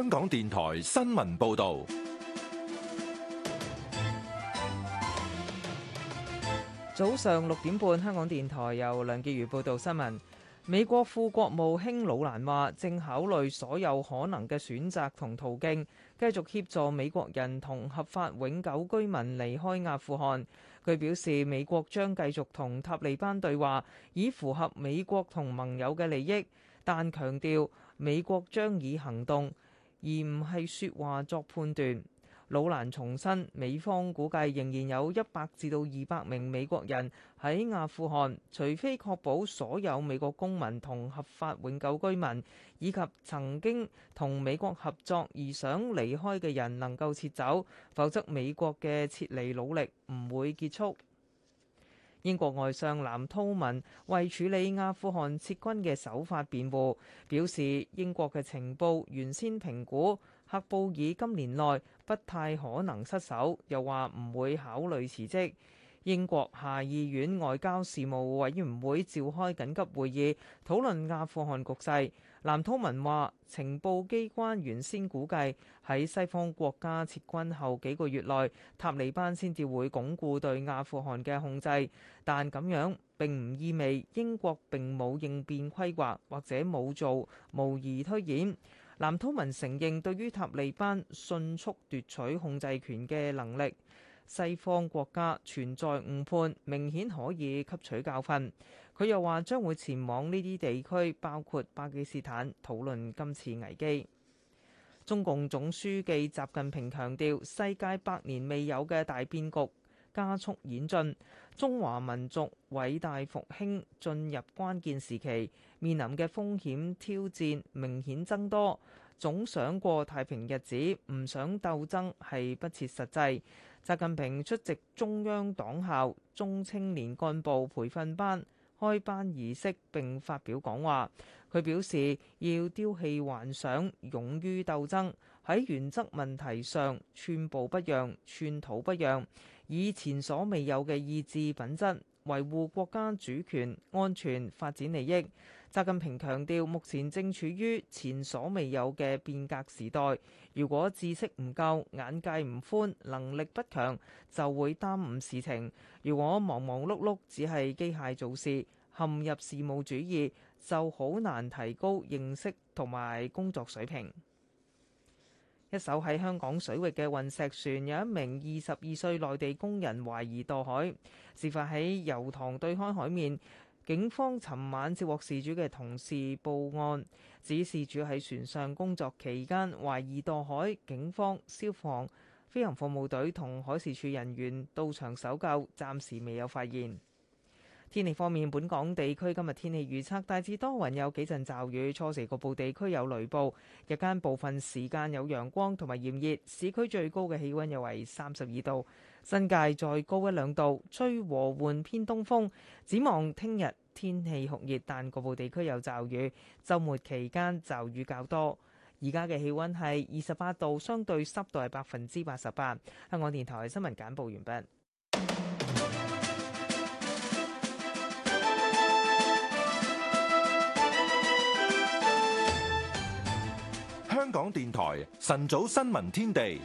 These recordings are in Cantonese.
香港電台新聞報道，早上六點半，香港電台由梁潔瑜報道新聞。美國副國務卿魯蘭話，正考慮所有可能嘅選擇同途徑，繼續協助美國人同合法永久居民離開阿富汗。佢表示，美國將繼續同塔利班對話，以符合美國同盟友嘅利益，但強調美國將以行動。而唔係說話作判斷，魯蘭重申，美方估計仍然有一百至到二百名美國人喺阿富汗，除非確保所有美國公民同合法永久居民以及曾經同美國合作而想離開嘅人能夠撤走，否則美國嘅撤離努力唔會結束。英國外相藍韜文為處理阿富汗撤軍嘅手法辯護，表示英國嘅情報原先評估，喀布爾今年內不太可能失守，又話唔會考慮辭職。英國下議院外交事務委員會召開緊急會議，討論阿富汗局勢。藍韜文話，情報機關原先估計喺西方國家撤軍後幾個月內，塔利班先至會鞏固對阿富汗嘅控制。但咁樣並唔意味英國並冇應變規劃或者冇做模擬推演。藍韜文承認對於塔利班迅速奪取控制權嘅能力，西方國家存在誤判，明顯可以吸取教訓。佢又話將會前往呢啲地區，包括巴基斯坦，討論今次危機。中共總書記習近平強調，世界百年未有嘅大變局加速演進，中華民族偉大復興進入關鍵時期，面臨嘅風險挑戰明顯增多。總想過太平日子，唔想鬥爭，係不切實際。習近平出席中央黨校中青年幹部培訓班開班儀式並發表講話，佢表示要丟棄幻想，勇於鬥爭，喺原則問題上寸步不讓、寸土不讓，以前所未有嘅意志品質維護國家主權、安全、發展利益。習近平強調，目前正處於前所未有嘅變革時代。如果知識唔夠、眼界唔寬、能力不強，就會耽誤事情。如果忙忙碌碌，只係機械做事，陷入事務主義，就好難提高認識同埋工作水平。一艘喺香港水域嘅運石船，有一名二十二歲內地工人懷疑墮海，事發喺油塘對開海面。警方尋晚接獲事主嘅同事報案，指事主喺船上工作期間懷疑墮海。警方、消防、飛行服務隊同海事處人員到場搜救，暫時未有發現。天氣方面，本港地區今日天氣預測大致多雲，有幾陣驟雨。初時局部地區有雷暴，日間部分時間有陽光同埋炎熱。市區最高嘅氣温約為三十二度。新界再高一兩度，吹和緩偏東風。展望聽日天，天氣酷熱，但局部地區有驟雨。週末期間驟雨較多。而家嘅氣温係二十八度，相對濕度係百分之八十八。香港電台新聞簡報完畢。香港電台晨早新聞天地。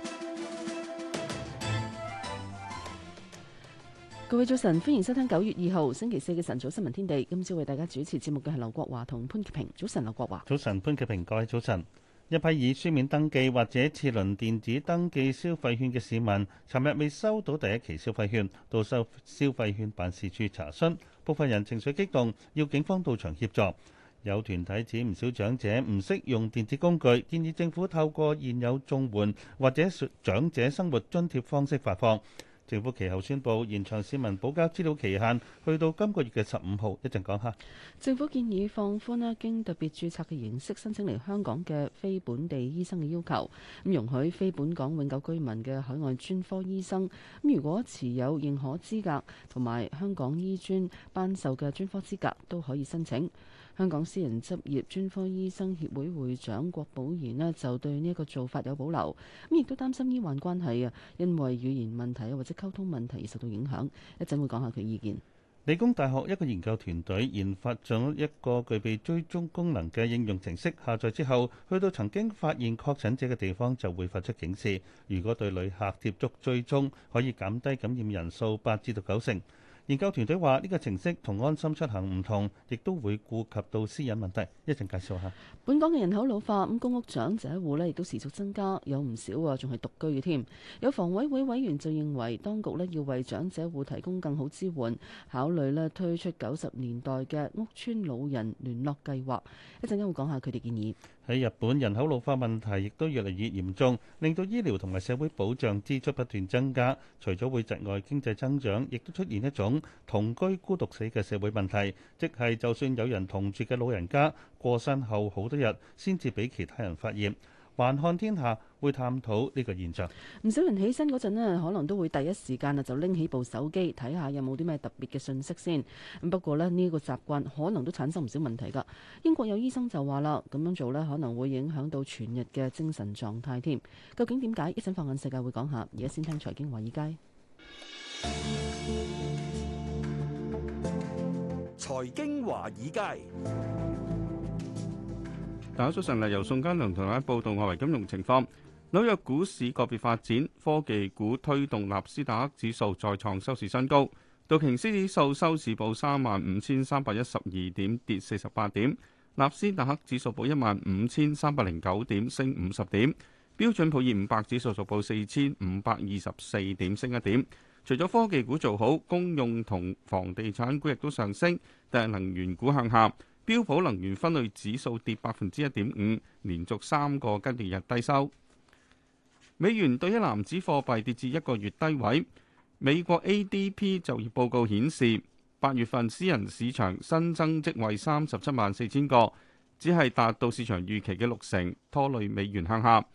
各位早晨，歡迎收聽九月二號星期四嘅晨早新聞天地。今朝為大家主持節目嘅係劉國華同潘潔平。早晨，劉國華。早晨，潘潔平。各位早晨。一批以書面登記或者次輪電子登記消費券嘅市民，尋日未收到第一期消費券，到收消費券辦事處查詢，部分人情緒激動，要警方到場協助。有團體指唔少長者唔識用電子工具，建議政府透過現有綜援或者長者生活津貼方式發放。政府其後宣佈延長市民補交資料期限，去到今個月嘅十五號。一陣講下。政府建議放寬啦，經特別註冊嘅形式申請嚟香港嘅非本地醫生嘅要求，咁容許非本港永久居民嘅海外專科醫生，咁如果持有認可資格同埋香港醫專頒授嘅專科資格，都可以申請。香港私人執業專科醫生協會會長郭寶賢呢，就對呢一個做法有保留，咁亦都擔心醫患關係啊，因為語言問題或者溝通問題而受到影響。一陣會講下佢意見。理工大學一個研究團隊研發咗一個具備追蹤功能嘅應用程式，下載之後去到曾經發現確診者嘅地方就會發出警示。如果對旅客接觸追蹤，可以減低感染人數八至到九成。研究團隊話：呢個程式同安心出行唔同，亦都會顧及到私隱問題。一陣介紹下。本港嘅人口老化，咁公屋長者戶呢亦都持續增加，有唔少啊仲係獨居嘅添。有房委會委員就認為，當局呢要為長者戶提供更好支援，考慮呢推出九十年代嘅屋邨老人聯絡計劃。一陣間會講下佢哋建議。喺日本，人口老化問題亦都越嚟越嚴重，令到醫療同埋社會保障支出不斷增加。除咗會窒礙經濟增長，亦都出現一種同居孤獨死嘅社會問題，即係就算有人同住嘅老人家過身後好多日，先至俾其他人發現。還看天下會探討呢個現象。唔少人起身嗰陣呢，可能都會第一時間啊就拎起部手機睇下有冇啲咩特別嘅信息先。咁不過咧，呢個習慣可能都產生唔少問題噶。英國有醫生就話啦，咁樣做呢，可能會影響到全日嘅精神狀態添。究竟點解？一陣放眼世界會講下。而家先聽財經華爾街。財經華爾街，大家早晨，嚟，由宋嘉良同大家報道外圍金融情況。紐約股市個別發展，科技股推動納斯達克指數再創收市新高。道瓊斯指數收市報三萬五千三百一十二點，跌四十八點；納斯達克指數報一萬五千三百零九點，升五十點；標準普爾五百指數續報四千五百二十四點，升一點。除咗科技股做好，公用同房地產股亦都上升，但係能源股向下。標普能源分類指數跌百分之一點五，連續三個交易日低收。美元對一籃子貨幣跌至一個月低位。美國 ADP 就業報告顯示，八月份私人市場新增職位三十七萬四千個，只係達到市場預期嘅六成，拖累美元向下。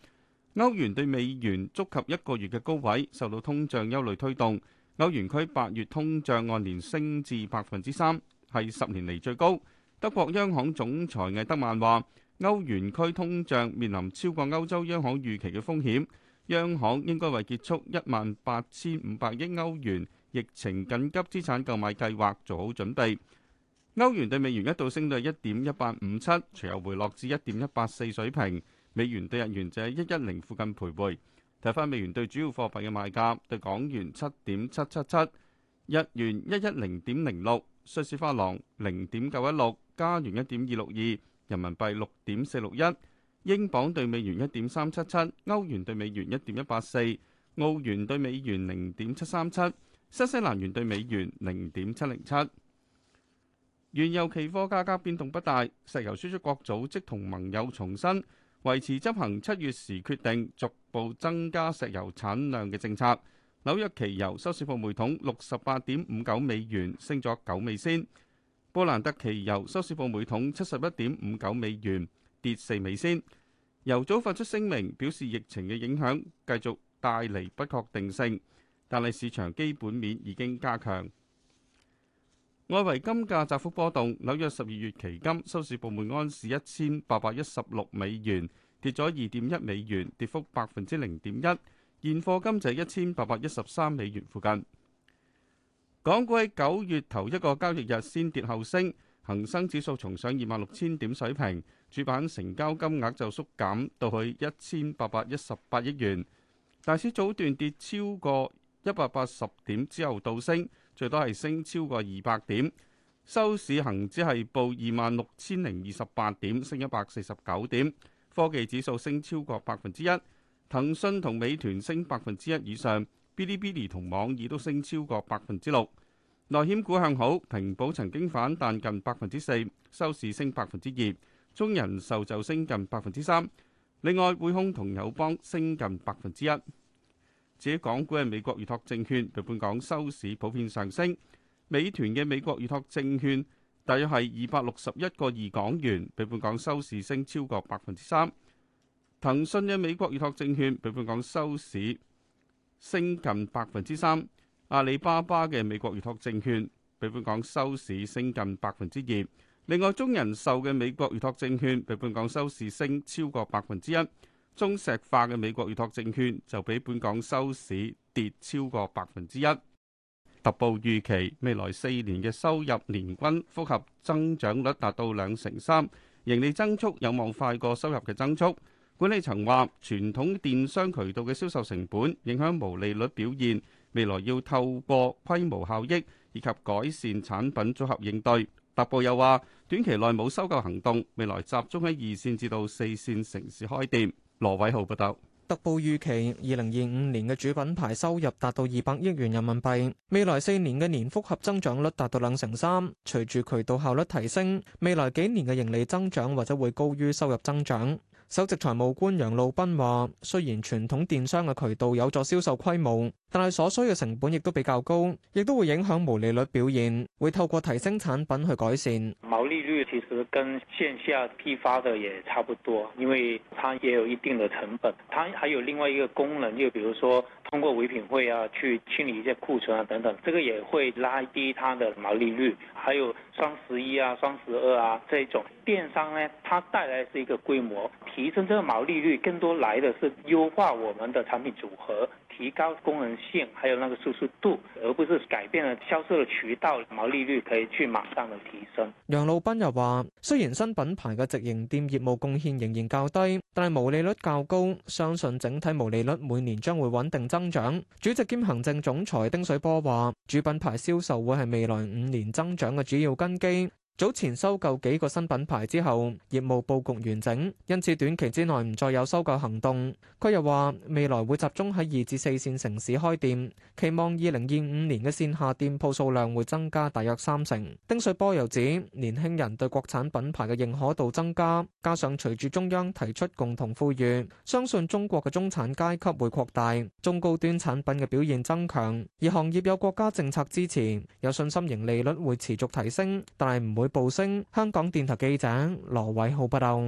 歐元對美元觸及一個月嘅高位，受到通脹憂慮推動。歐元區八月通脹按年升至百分之三，係十年嚟最高。德國央行總裁魏德曼話：歐元區通脹面臨超過歐洲央行預期嘅風險，央行應該為結束一萬八千五百億歐元疫情緊急資產購買計劃做好準備。歐元對美元一度升到一點一八五七，隨後回落至一點一八四水平。美元兌日元就喺一一零附近徘徊。睇翻美元兌主要貨幣嘅賣價，對港元七點七七七，日元一一零點零六，瑞士法郎零點九一六，加元一點二六二，人民幣六點四六一，英鎊對美元一點三七七，歐元對美元一點一八四，澳元對美元零點七三七，新西蘭元對美元零點七零七。原油期貨價格變動不大，石油輸出國組織同盟友重申。維持執行七月時決定逐步增加石油產量嘅政策。紐約期油收市報每桶六十八點五九美元，升咗九美仙。波蘭特期油收市報每桶七十一點五九美元，跌四美仙。油組發出聲明，表示疫情嘅影響繼續帶嚟不確定性，但係市場基本面已經加強。外圍金價窄幅波動，紐約十二月期金收市報每安士一千八百一十六美元，跌咗二點一美元，跌幅百分之零點一。現貨金就係一千八百一十三美元附近。港股喺九月頭一個交易日先跌後升，恒生指數重上二萬六千點水平，主板成交金額就縮減到去一千八百一十八億元。大市早段跌超過一百八十點之後，倒升。最多係升超過二百點，收市恒指係報二萬六千零二十八點，升一百四十九點。科技指數升超過百分之一，騰訊同美團升百分之一以上，Bilibili 同網易都升超過百分之六。內險股向好，平保曾經反彈近百分之四，收市升百分之二，中人壽就升近百分之三。另外，匯控同友邦升近百分之一。至於港股嘅美國預託證券，比本港收市普遍上升。美團嘅美國預託證券大約係二百六十一個二港元，比本港收市升超過百分之三。騰訊嘅美國預託證券比本港收市升近百分之三。阿里巴巴嘅美國預託證券比本港收市升近百分之二。另外，中人壽嘅美國預託證券比本港收市升超過百分之一。中石化嘅美國預託證券就比本港收市跌超過百分之一。特步預期未來四年嘅收入年均複合增長率達到兩成三，盈利增速有望快過收入嘅增速。管理層話，傳統電商渠道嘅銷售成本影響毛利率表現，未來要透過規模效益以及改善產品組合應對。特步又話，短期內冇收購行動，未來集中喺二綫至到四綫城市開店。羅偉浩報道，特報預期二零二五年嘅主品牌收入達到二百億元人民幣，未來四年嘅年複合增長率達到兩成三。隨住渠道效率提升，未來幾年嘅盈利增長或者會高於收入增長。首席財務官楊路斌話，雖然傳統電商嘅渠道有助銷售規模，但係所需嘅成本亦都比較高，亦都會影響毛利率表現。會透過提升產品去改善。毛利率其實跟線下批發嘅也差不多，因為它也有一定的成本。它還有另外一個功能，就係比如說。通過唯品會啊，去清理一些庫存啊，等等，這個也會拉低它的毛利率。還有雙十一啊、雙十二啊，這種電商呢，它帶來是一個規模提升，這個毛利率更多來的是優化我們的產品組合，提高功能性，還有那個舒適度，而不是改變了銷售的渠道，毛利率可以去馬上的提升。楊老斌又話：雖然新品牌嘅直營店業務貢獻仍然較低，但係毛利率較高，相信整體毛利率每年將會穩定增。增長，主席兼行政總裁丁水波話，主品牌銷售會係未來五年增長嘅主要根基。早前收購幾個新品牌之後，業務佈局完整，因此短期之內唔再有收購行動。佢又話：未來會集中喺二至四線城市開店，期望二零二五年嘅線下店鋪數量會增加大約三成。丁水波又指，年輕人對國產品牌嘅認可度增加，加上隨住中央提出共同富裕，相信中國嘅中產階級會擴大，中高端產品嘅表現增強。而行業有國家政策支持，有信心盈利率會持續提升，但係唔會。報升，香港電台記者羅偉浩報道。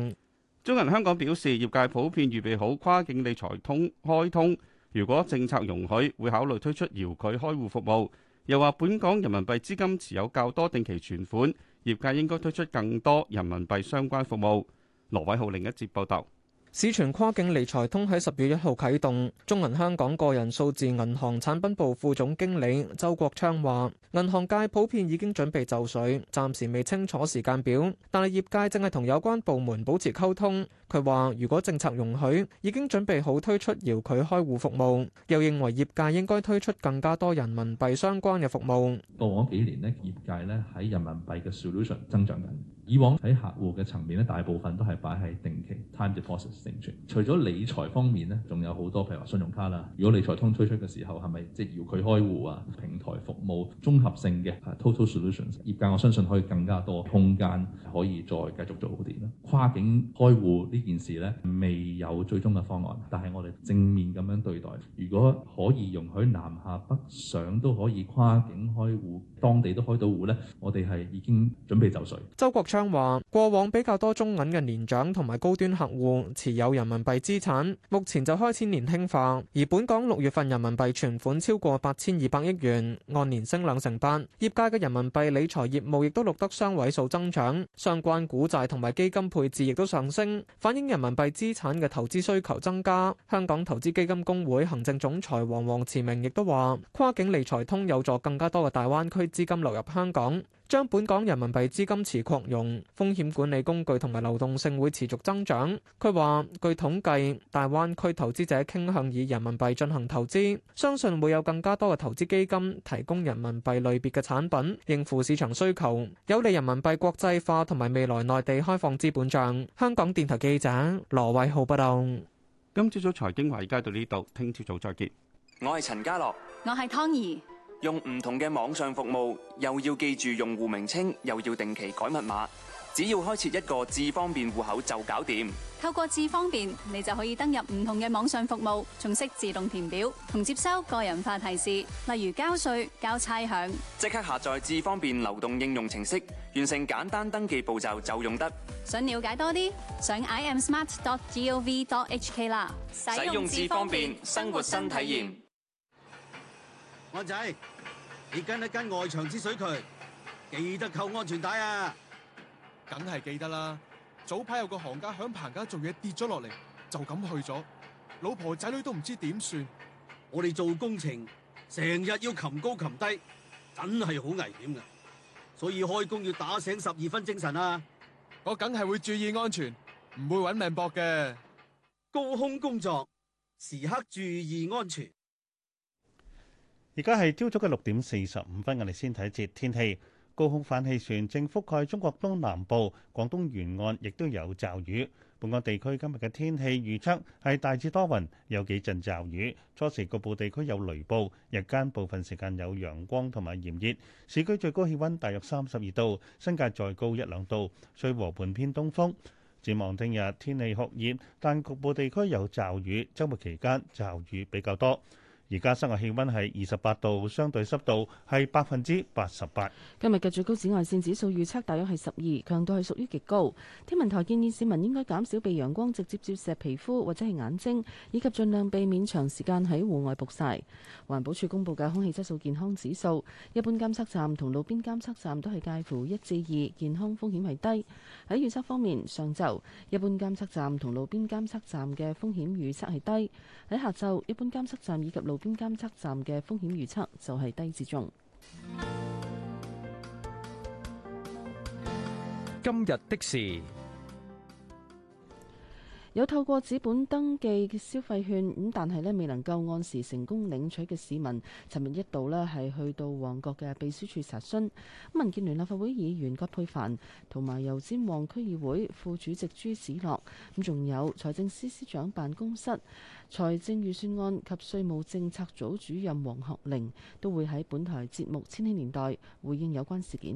中銀香港表示，業界普遍預備好跨境理財通開通，如果政策容許，會考慮推出遙距開戶服務。又話，本港人民幣資金持有較多定期存款，業界應該推出更多人民幣相關服務。羅偉浩另一節報道。市傳跨境理財通喺十月一號啟動，中銀香港個人數字銀行產品部副總經理周國昌話，銀行界普遍已經準備就緒，暫時未清楚時間表，但係業界正係同有關部門保持溝通。佢話：如果政策容許，已經準備好推出遙距開戶服務。又認為業界應該推出更加多人民幣相關嘅服務。過往幾年呢，業界呢喺人民幣嘅 solution 增長緊。以往喺客戶嘅層面咧，大部分都係擺喺定期、time deposit 定存。除咗理財方面咧，仲有好多，譬如話信用卡啦。如果理財通推出嘅時候，係咪即係要佢開戶啊？平台服務綜合性嘅、啊、total solutions，業界我相信可以更加多空間，可以再繼續做好啲啦。跨境開戶呢件事咧，未有最終嘅方案，但係我哋正面咁樣對待。如果可以容許南下北上都可以跨境開戶，當地都開到戶咧，我哋係已經準備就緒。周國昌。話過往比較多中銀嘅年長同埋高端客戶持有人民幣資產，目前就開始年輕化。而本港六月份人民幣存款超過八千二百億元，按年升兩成八。業界嘅人民幣理財業務亦都錄得雙位數增長，相關股債同埋基金配置亦都上升，反映人民幣資產嘅投資需求增加。香港投資基金公會行政總裁黃王慈明亦都話，跨境理財通有助更加多嘅大灣區資金流入香港。將本港人民幣資金池擴容，風險管理工具同埋流動性會持續增長。佢話：據統計，大灣區投資者傾向以人民幣進行投資，相信會有更加多嘅投資基金提供人民幣類別嘅產品，應付市場需求，有利人民幣國際化同埋未來內地開放資本帳。香港電台記者羅偉浩報道。今朝早財經話而家到呢度，聽朝早再見。我係陳家樂，我係湯儀。用唔同嘅網上服務，又要記住用戶名稱，又要定期改密碼。只要開設一個智方便戶口就搞掂。透過智方便，你就可以登入唔同嘅網上服務，仲識自動填表同接收個人化提示，例如交稅、交差餉。即刻下載智方便流動應用程式，完成簡單登記步驟就用得。想了解多啲，上 iamsmart.gov.hk 啦。使用智方便，生活新體驗。安仔。你跟一跟外牆之水渠，記得扣安全帶啊！梗係記得啦。早排有個行家響棚架做嘢跌咗落嚟，就咁去咗，老婆仔女都唔知點算。我哋做工程，成日要擒高擒低，真係好危險噶。所以開工要打醒十二分精神啊！我梗係會注意安全，唔會揾命搏嘅。高空工作，時刻注意安全。而家係朝早嘅六點四十五分，我哋先睇一節天氣。高空反氣旋正覆蓋中國東南部，廣東沿岸亦都有驟雨。本港地區今日嘅天氣預測係大致多雲，有幾陣驟雨，初時局部地區有雷暴，日間部分時間有陽光同埋炎熱。市區最高氣溫大約三十二度，新界再高一兩度，吹和緩偏東風。展望聽日天氣酷熱，但局部地區有驟雨，週末期間驟雨比較多。而家室外氣溫係二十八度，相對濕度係百分之八十八。今日嘅最高紫外線指數預測大約係十二，強度係屬於極高。天文台建議市民應該減少被陽光直接照射皮膚或者係眼睛，以及盡量避免長時間喺戶外曝曬。環保署公布嘅空氣質素健康指數，一般監測站同路邊監測站都係介乎一至二，健康風險係低。喺預測方面，上晝一般監測站同路邊監測站嘅風險預測係低。喺下晝一般監測站以及路監測站嘅風險預測就係低至中。今日的事。有透過紙本登記嘅消費券咁，但係咧未能夠按時成功領取嘅市民，尋日一度咧係去到旺角嘅秘書處查詢。民建聯立法會議員葛珮帆，同埋油尖旺區議會副主席朱子樂，咁仲有財政司司長辦公室、財政預算案及稅務政策組主任黃學玲，都會喺本台節目《千禧年代》回應有關事件。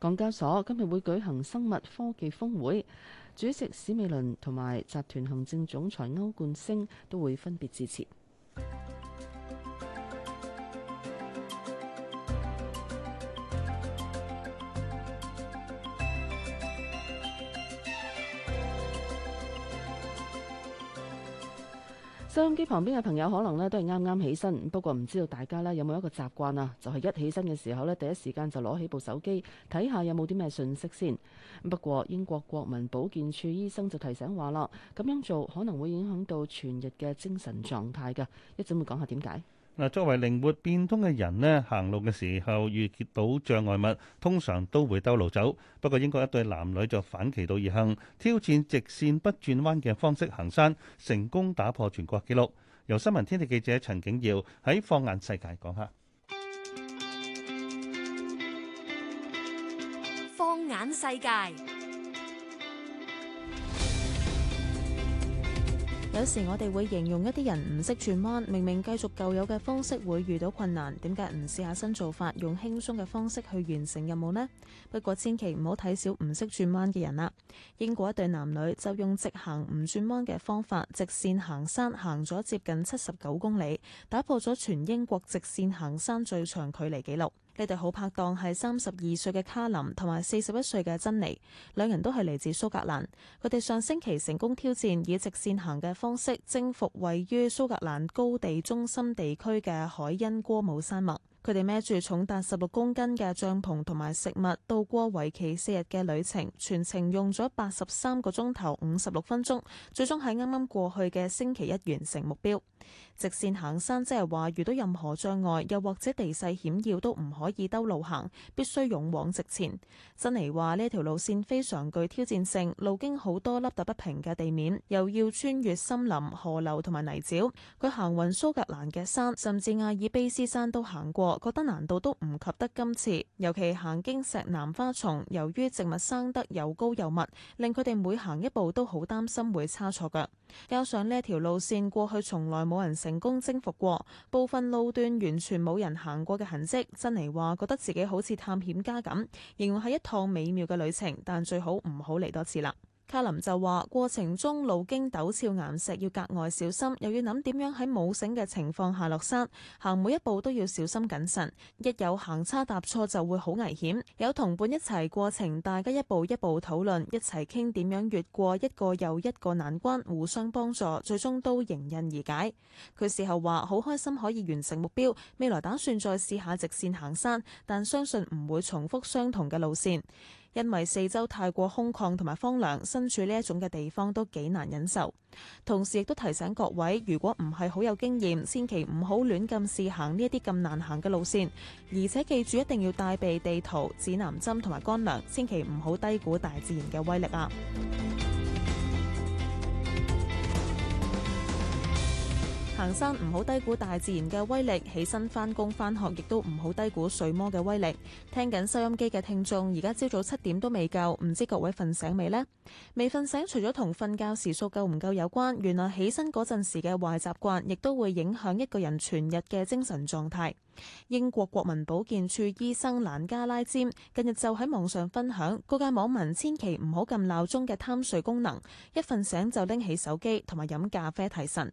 港交所今日會舉行生物科技峰會，主席史美倫同埋集團行政總裁歐冠昇都會分別致辭。收音機旁邊嘅朋友可能咧都係啱啱起身，不過唔知道大家咧有冇一個習慣啊，就係一起身嘅時候咧，第一時間就攞起部手機睇下有冇啲咩信息先。不過英國國民保健署醫生就提醒話啦，咁樣做可能會影響到全日嘅精神狀態㗎。一陣會講下點解。嗱，作為靈活變通嘅人咧，行路嘅時候遇見到障礙物，通常都會兜路走。不過，英國一對男女就反其道而行，挑戰直線不轉彎嘅方式行山，成功打破全國紀錄。由新聞天地記者陳景耀喺《放眼世界》講下。放眼世界。 有時我哋會形容一啲人唔識轉彎，明明繼續舊有嘅方式會遇到困難，點解唔試下新做法，用輕鬆嘅方式去完成任務呢？不過千祈唔好睇小唔識轉彎嘅人啦！英國一對男女就用直行唔轉彎嘅方法，直線行山，行咗接近七十九公里，打破咗全英國直線行山最長距離紀錄。呢對好拍檔係三十二歲嘅卡林同埋四十一歲嘅珍妮，兩人都係嚟自蘇格蘭。佢哋上星期成功挑戰以直線行嘅方式征服位於蘇格蘭高地中心地區嘅海因戈姆山脈。佢哋孭住重達十六公斤嘅帳篷同埋食物，度過為期四日嘅旅程，全程用咗八十三個鐘頭五十六分鐘，最終喺啱啱過去嘅星期一完成目標。直線行山，即係話遇到任何障礙，又或者地勢險要都唔可以兜路行，必須勇往直前。珍妮話呢一條路線非常具挑戰性，路經好多凹凸不平嘅地面，又要穿越森林、河流同埋泥沼。佢行勻蘇格蘭嘅山，甚至亞爾卑斯山都行過，覺得難度都唔及得今次。尤其行經石南花叢，由於植物生得又高又密，令佢哋每行一步都好擔心會差錯腳。加上呢一條路線過去從來冇人成功征服過部分路段，完全冇人行過嘅痕跡。珍妮話覺得自己好似探險家咁，形容係一趟美妙嘅旅程，但最好唔好嚟多次啦。卡林就話：過程中路經陡峭岩石，要格外小心，又要諗點樣喺冇繩嘅情況下落山，行每一步都要小心謹慎。一有行差踏錯就會好危險。有同伴一齊過程，大家一步一步討論，一齊傾點樣越過一個又一個難關，互相幫助，最終都迎刃而解。佢事後話：好開心可以完成目標，未來打算再試下直線行山，但相信唔會重複相同嘅路線。因為四周太過空曠同埋荒涼，身處呢一種嘅地方都幾難忍受。同時亦都提醒各位，如果唔係好有經驗，千祈唔好亂咁試行呢一啲咁難行嘅路線。而且記住一定要帶備地圖、指南針同埋乾糧，千祈唔好低估大自然嘅威力啊！行山唔好低估大自然嘅威力，起身返工返學亦都唔好低估睡魔嘅威力。聽緊收音機嘅聽眾，而家朝早七點都未夠，唔知各位瞓醒未咧？未瞓醒，除咗同瞓覺時數夠唔夠有關，原來起身嗰陣時嘅壞習慣，亦都會影響一個人全日嘅精神狀態。英國國民保健處醫生蘭加拉尖近日就喺網上分享，各界網民千祈唔好撳鬧鐘嘅貪睡功能，一瞓醒就拎起手機同埋飲咖啡提神。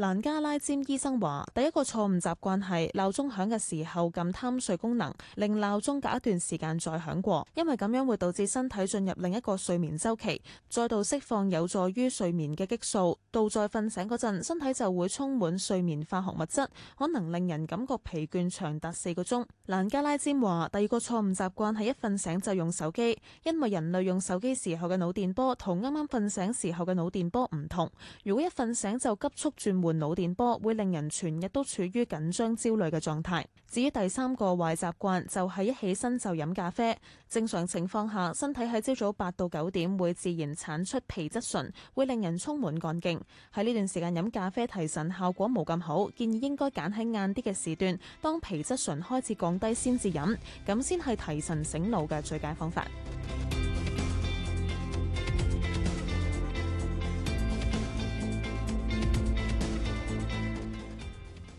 蘭加拉詹醫生話：第一個錯誤習慣係鬧鐘響嘅時候撳貪睡功能，令鬧鐘隔一段時間再響過，因為咁樣會導致身體進入另一個睡眠周期，再度釋放有助於睡眠嘅激素，到再瞓醒嗰陣，身體就會充滿睡眠化學物質，可能令人感覺疲倦長達四個鐘。蘭加拉詹話：第二個錯誤習慣係一瞓醒就用手機，因為人類用手機時候嘅腦電波同啱啱瞓醒時候嘅腦電波唔同，如果一瞓醒就急速轉換。腦電波會令人全日都處於緊張、焦慮嘅狀態。至於第三個壞習慣就係、是、一起身就飲咖啡。正常情況下，身體喺朝早八到九點會自然產出皮質醇，會令人充滿幹勁。喺呢段時間飲咖啡提神效果冇咁好，建議應該揀喺晏啲嘅時段，當皮質醇開始降低先至飲，咁先係提神醒腦嘅最佳方法。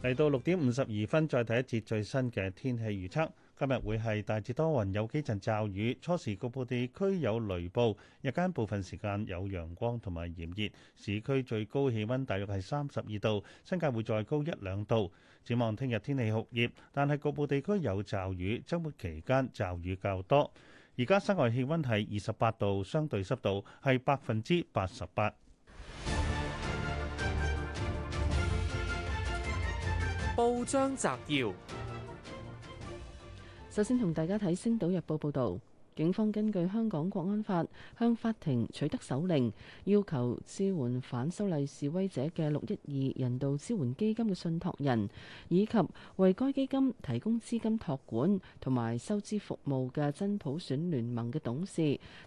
嚟到六點五十二分，再睇一節最新嘅天氣預測。今日會係大致多雲，有幾陣驟雨，初時局部地區有雷暴，日間部分時間有陽光同埋炎熱。市區最高氣温大約係三十二度，新界會再高一兩度。展望聽日天氣酷熱，但係局部地區有驟雨，周末期間驟雨較多。而家室外氣温係二十八度，相對濕度係百分之八十八。張澤耀，首先同大家睇《星島日報》報道，警方根據香港國安法向法庭取得手令，要求支援反修例示威者嘅六一二人道支援基金嘅信託人，以及為該基金提供資金託管同埋收支服務嘅真普選聯盟嘅董事，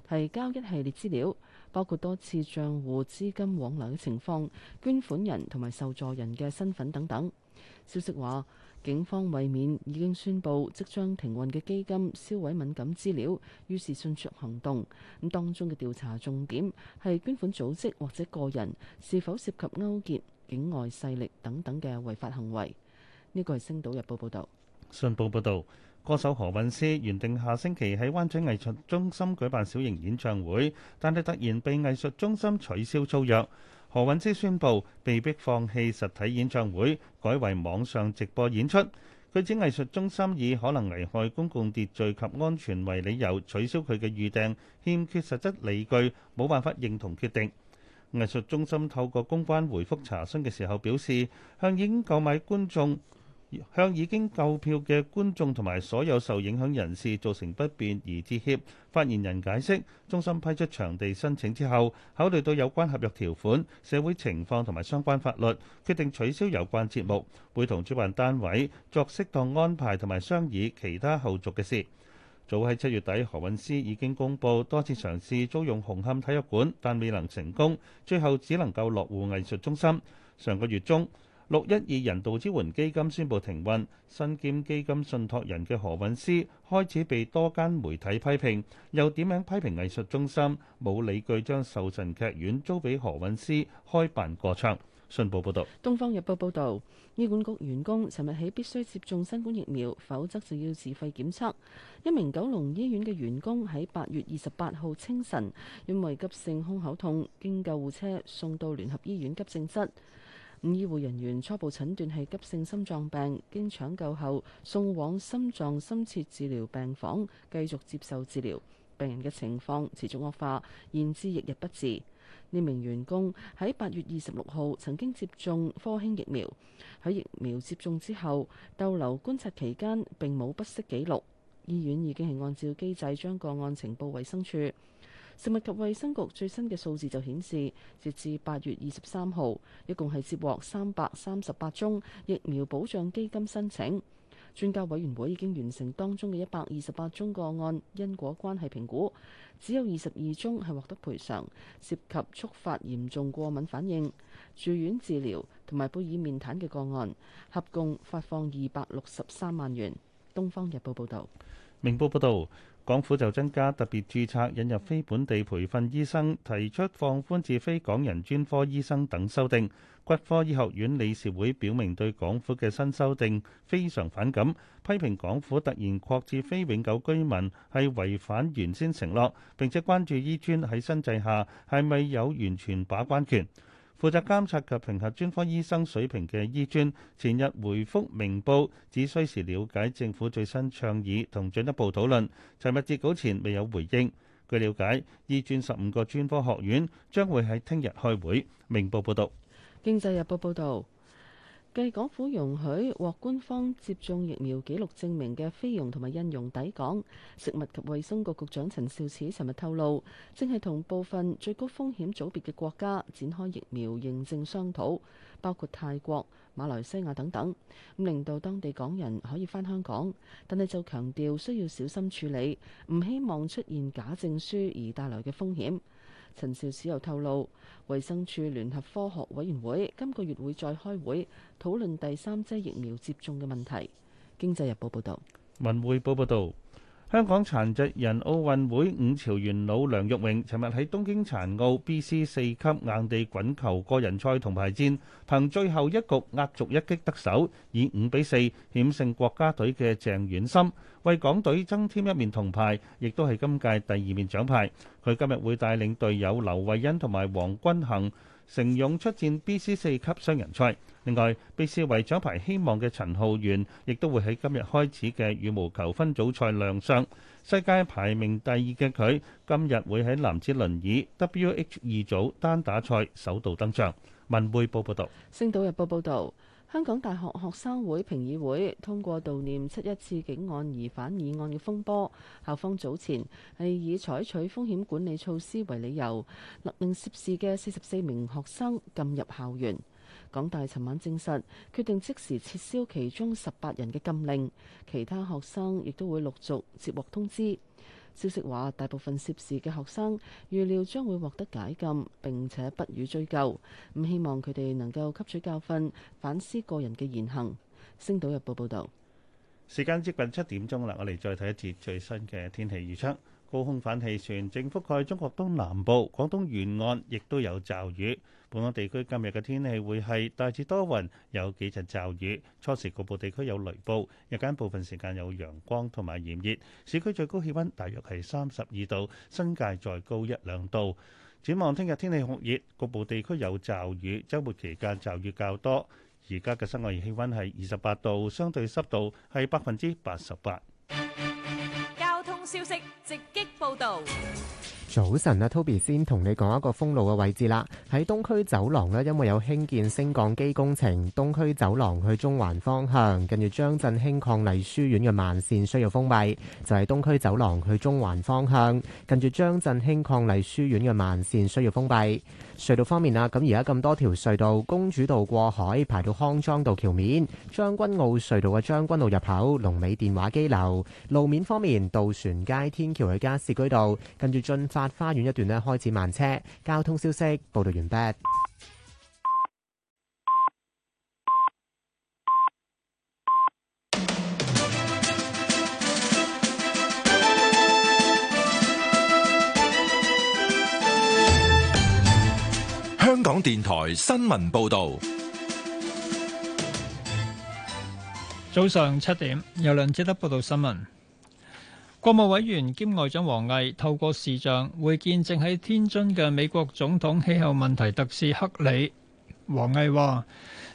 提交一系列資料，包括多次賬戶資金往來嘅情況、捐款人同埋受助人嘅身份等等。消息話，警方為免已經宣布即將停運嘅基金銷毀敏感資料，於是迅速行動。咁當中嘅調查重點係捐款組織或者個人是否涉及勾結境外勢力等等嘅違法行為。呢個係《星島日報》報導。信報報導，歌手何韻詩原定下星期喺灣仔藝術中心舉辦小型演唱會，但係突然被藝術中心取消租約。何韻詩宣布被迫放棄實體演唱會，改為網上直播演出。佢指藝術中心以可能危害公共秩序及安全為理由取消佢嘅預訂，欠缺實質理據，冇辦法認同決定。藝術中心透過公關回覆查詢嘅時候表示，向已經購買觀眾。向已經購票嘅觀眾同埋所有受影響人士造成不便而致歉。發言人解釋，中心批出場地申請之後，考慮到有關合約條款、社會情況同埋相關法律，決定取消有關節目，會同主辦單位作適當安排同埋商議其他後續嘅事。早喺七月底，何韻詩已經公布多次嘗試租用紅磡體育館，但未能成功，最後只能夠落戶藝術中心。上個月中，六一二人道支援基金宣布，停運，新兼基金信託人嘅何韻詩開始被多間媒體批評，又點樣批評藝術中心冇理據將壽臣劇院租俾何韻詩開辦過場。信報報道，東方日報報道，醫管局員工尋日起必須接種新冠疫苗，否則就要自費檢測。一名九龍醫院嘅員工喺八月二十八號清晨，因為急性胸口痛，經救護車送到聯合醫院急症室。醫護人員初步診斷係急性心臟病，經搶救後送往心臟深切治療病房繼續接受治療。病人嘅情況持續惡化，延至翌日不治。呢名員工喺八月二十六號曾經接種科興疫苗，喺疫苗接種之後逗留觀察期間並冇不適記錄。醫院已經係按照機制將個案呈報衛生處。食物及衛生局最新嘅數字就顯示，截至八月二十三號，一共係接獲三百三十八宗疫苗保障基金申請。專家委員會已經完成當中嘅一百二十八宗個案因果關係評估，只有二十二宗係獲得賠償，涉及觸發嚴重過敏反應、住院治療同埋貝爾面癱嘅個案，合共發放二百六十三萬元。《東方日報》報道。《明報》報道、報導。港府就增加特別注冊引入非本地培訓醫生，提出放寬至非港人專科醫生等修訂。骨科醫學院理事會表明對港府嘅新修訂非常反感，批評港府突然擴至非永久居民係違反原先承諾，並且關注醫專喺新制下係咪有完全把關權。負責監察及評核專科醫生水平嘅醫專，前日回覆明報，只需時了解政府最新倡議同進一步討論。尋日截稿前未有回應。據了解，醫專十五個專科學院將會喺聽日開會。明報報道。《經濟日報》報道。繼港府容許獲官方接種疫苗記錄證明嘅菲傭同埋印傭抵港，食物及衛生局局長陳肇始尋日透露，正係同部分最高風險組別嘅國家展開疫苗認證商討，包括泰國、馬來西亞等等，咁令到當地港人可以返香港，但係就強調需要小心處理，唔希望出現假證書而帶來嘅風險。陳肇始又透露，衛生署聯合科學委員會今個月會再開會，討論第三劑疫苗接種嘅問題。經濟日報報道。文匯報報道。香港殘疾人奧運會五朝元老梁玉榮，尋日喺東京殘奧 BC 四級硬地滾球個人賽銅牌戰，憑最後一局壓軸一擊得手，以五比四險勝國家隊嘅鄭遠心，為港隊增添一面銅牌，亦都係今屆第二面獎牌。佢今日會帶領隊友劉慧欣同埋黃君恆、成勇出戰 B.C 四級雙人賽，另外被視為獎牌希望嘅陳浩源，亦都會喺今日開始嘅羽毛球分組賽亮相。世界排名第二嘅佢，今日會喺男子輪椅 W.H 二組單打賽首度登場。文匯報報道。《星島日報》報道。香港大學學生會評議會通過悼念七一刺警案疑犯議案嘅風波，校方早前係以採取風險管理措施為理由，勒令涉事嘅四十四名學生禁入校園。港大尋晚證實決定即時撤銷其中十八人嘅禁令，其他學生亦都會陸續接獲通知。消息話，大部分涉事嘅學生預料將會獲得解禁並且不予追究。咁希望佢哋能夠吸取教訓，反思個人嘅言行。星島日報報道。時間接近七點鐘啦，我哋再睇一節最新嘅天氣預測。高空反氣旋正覆蓋中國東南部，廣東沿岸亦都有驟雨。本港地區今日嘅天氣會係大致多雲，有幾陣驟雨，初時局部地區有雷暴，日間部分時間有陽光同埋炎熱。市區最高氣温大約係三十二度，新界再高一兩度。展望聽日天氣酷熱，局部地區有驟雨，週末期間驟雨較多。而家嘅室外氣温係二十八度，相對濕度係百分之八十八。消息直擊報導。早晨啊，Toby 先同你講一個封路嘅位置啦。喺東區走廊咧，因為有興建升降機工程，東區走廊去中環方向，跟住張振興伉儷書院嘅慢線需要封閉，就係東區走廊去中環方向，跟住張振興伉儷書院嘅慢線需要封閉。隧道方面啊，咁而家咁多條隧道，公主道過海排到康莊道橋面，將軍澳隧道嘅將軍路入口，龍尾電話機樓。路面方面，渡船街天橋嘅加士居道，跟住進化。花園一段咧，開始慢車，交通消息報道完畢。香港電台新聞報道，早上七點，由梁志德報道新聞。國務委員兼外長王毅透過視像會見正喺天津嘅美國總統氣候問題特使克里。王毅話：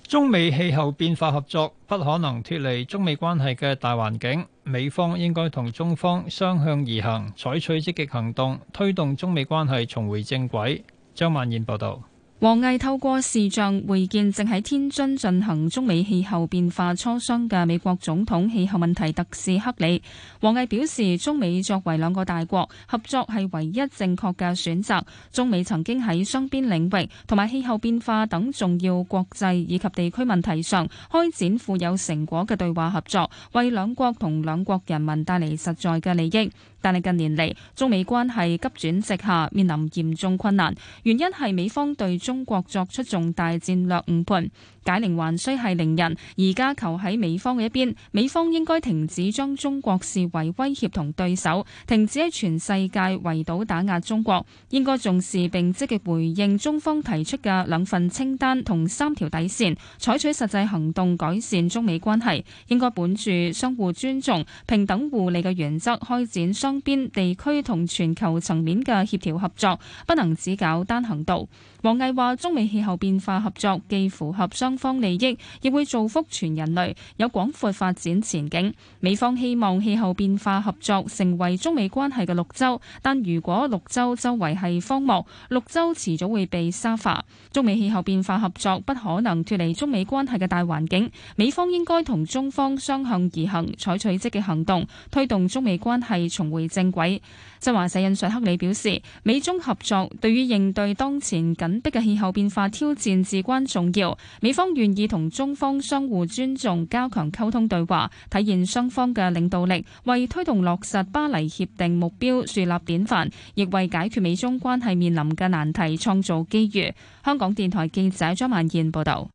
中美氣候變化合作不可能脱離中美關係嘅大環境，美方應該同中方相向而行，採取積極行動，推動中美關係重回正軌。張曼燕報道。王毅透過視像會見正喺天津進行中美氣候變化磋商嘅美國總統氣候問題特使克里。王毅表示，中美作為兩個大國，合作係唯一正確嘅選擇。中美曾經喺雙邊領域同埋氣候變化等重要國際以及地區問題上，開展富有成果嘅對話合作，為兩國同兩國人民帶嚟實在嘅利益。但係近年嚟，中美關係急轉直下，面臨嚴重困難。原因係美方對中國作出重大戰略誤判，解鈴還需係鈴人。而家求喺美方嘅一邊，美方應該停止將中國視為威脅同對手，停止喺全世界圍堵打壓中國，應該重視並積極回應中方提出嘅兩份清單同三條底線，採取實際行動改善中美關係。應該本住相互尊重、平等互利嘅原則開展相。雙邊地區同全球層面嘅協調合作，不能只搞單行道。王毅話：中美氣候變化合作既符合雙方利益，亦會造福全人類，有廣闊發展前景。美方希望氣候變化合作成為中美關係嘅綠洲，但如果綠洲周圍係荒漠，綠洲遲早會被沙化。中美氣候變化合作不可能脫離中美關係嘅大環境，美方應該同中方相向而行，採取積極行動，推動中美關係重回正軌。新華社引述克里表示：美中合作對於應對當前緊緊迫嘅氣候變化挑戰至關重要，美方願意同中方相互尊重、加強溝通對話，體現雙方嘅領導力，為推動落實巴黎協定目標樹立典範，亦為解決美中關係面臨嘅難題創造機遇。香港電台記者張曼燕報道。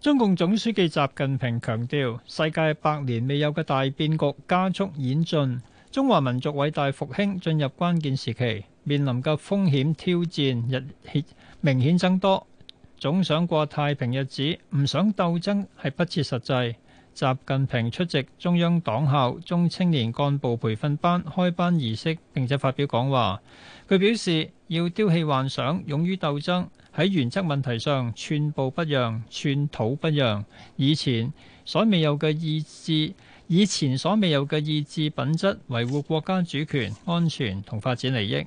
中共總書記習近平強調，世界百年未有嘅大變局加速演進，中華民族偉大復興進入關鍵時期。面臨嘅風險挑戰日益明顯增多，總想過太平日子，唔想鬥爭係不切實際。習近平出席中央黨校中青年幹部培訓班開班儀式，並且發表講話，佢表示要丟棄幻想，勇於鬥爭，喺原則問題上寸步不讓、寸土不讓，以前所未有嘅意志，以前所未有嘅意志品質，維護國家主權、安全同發展利益。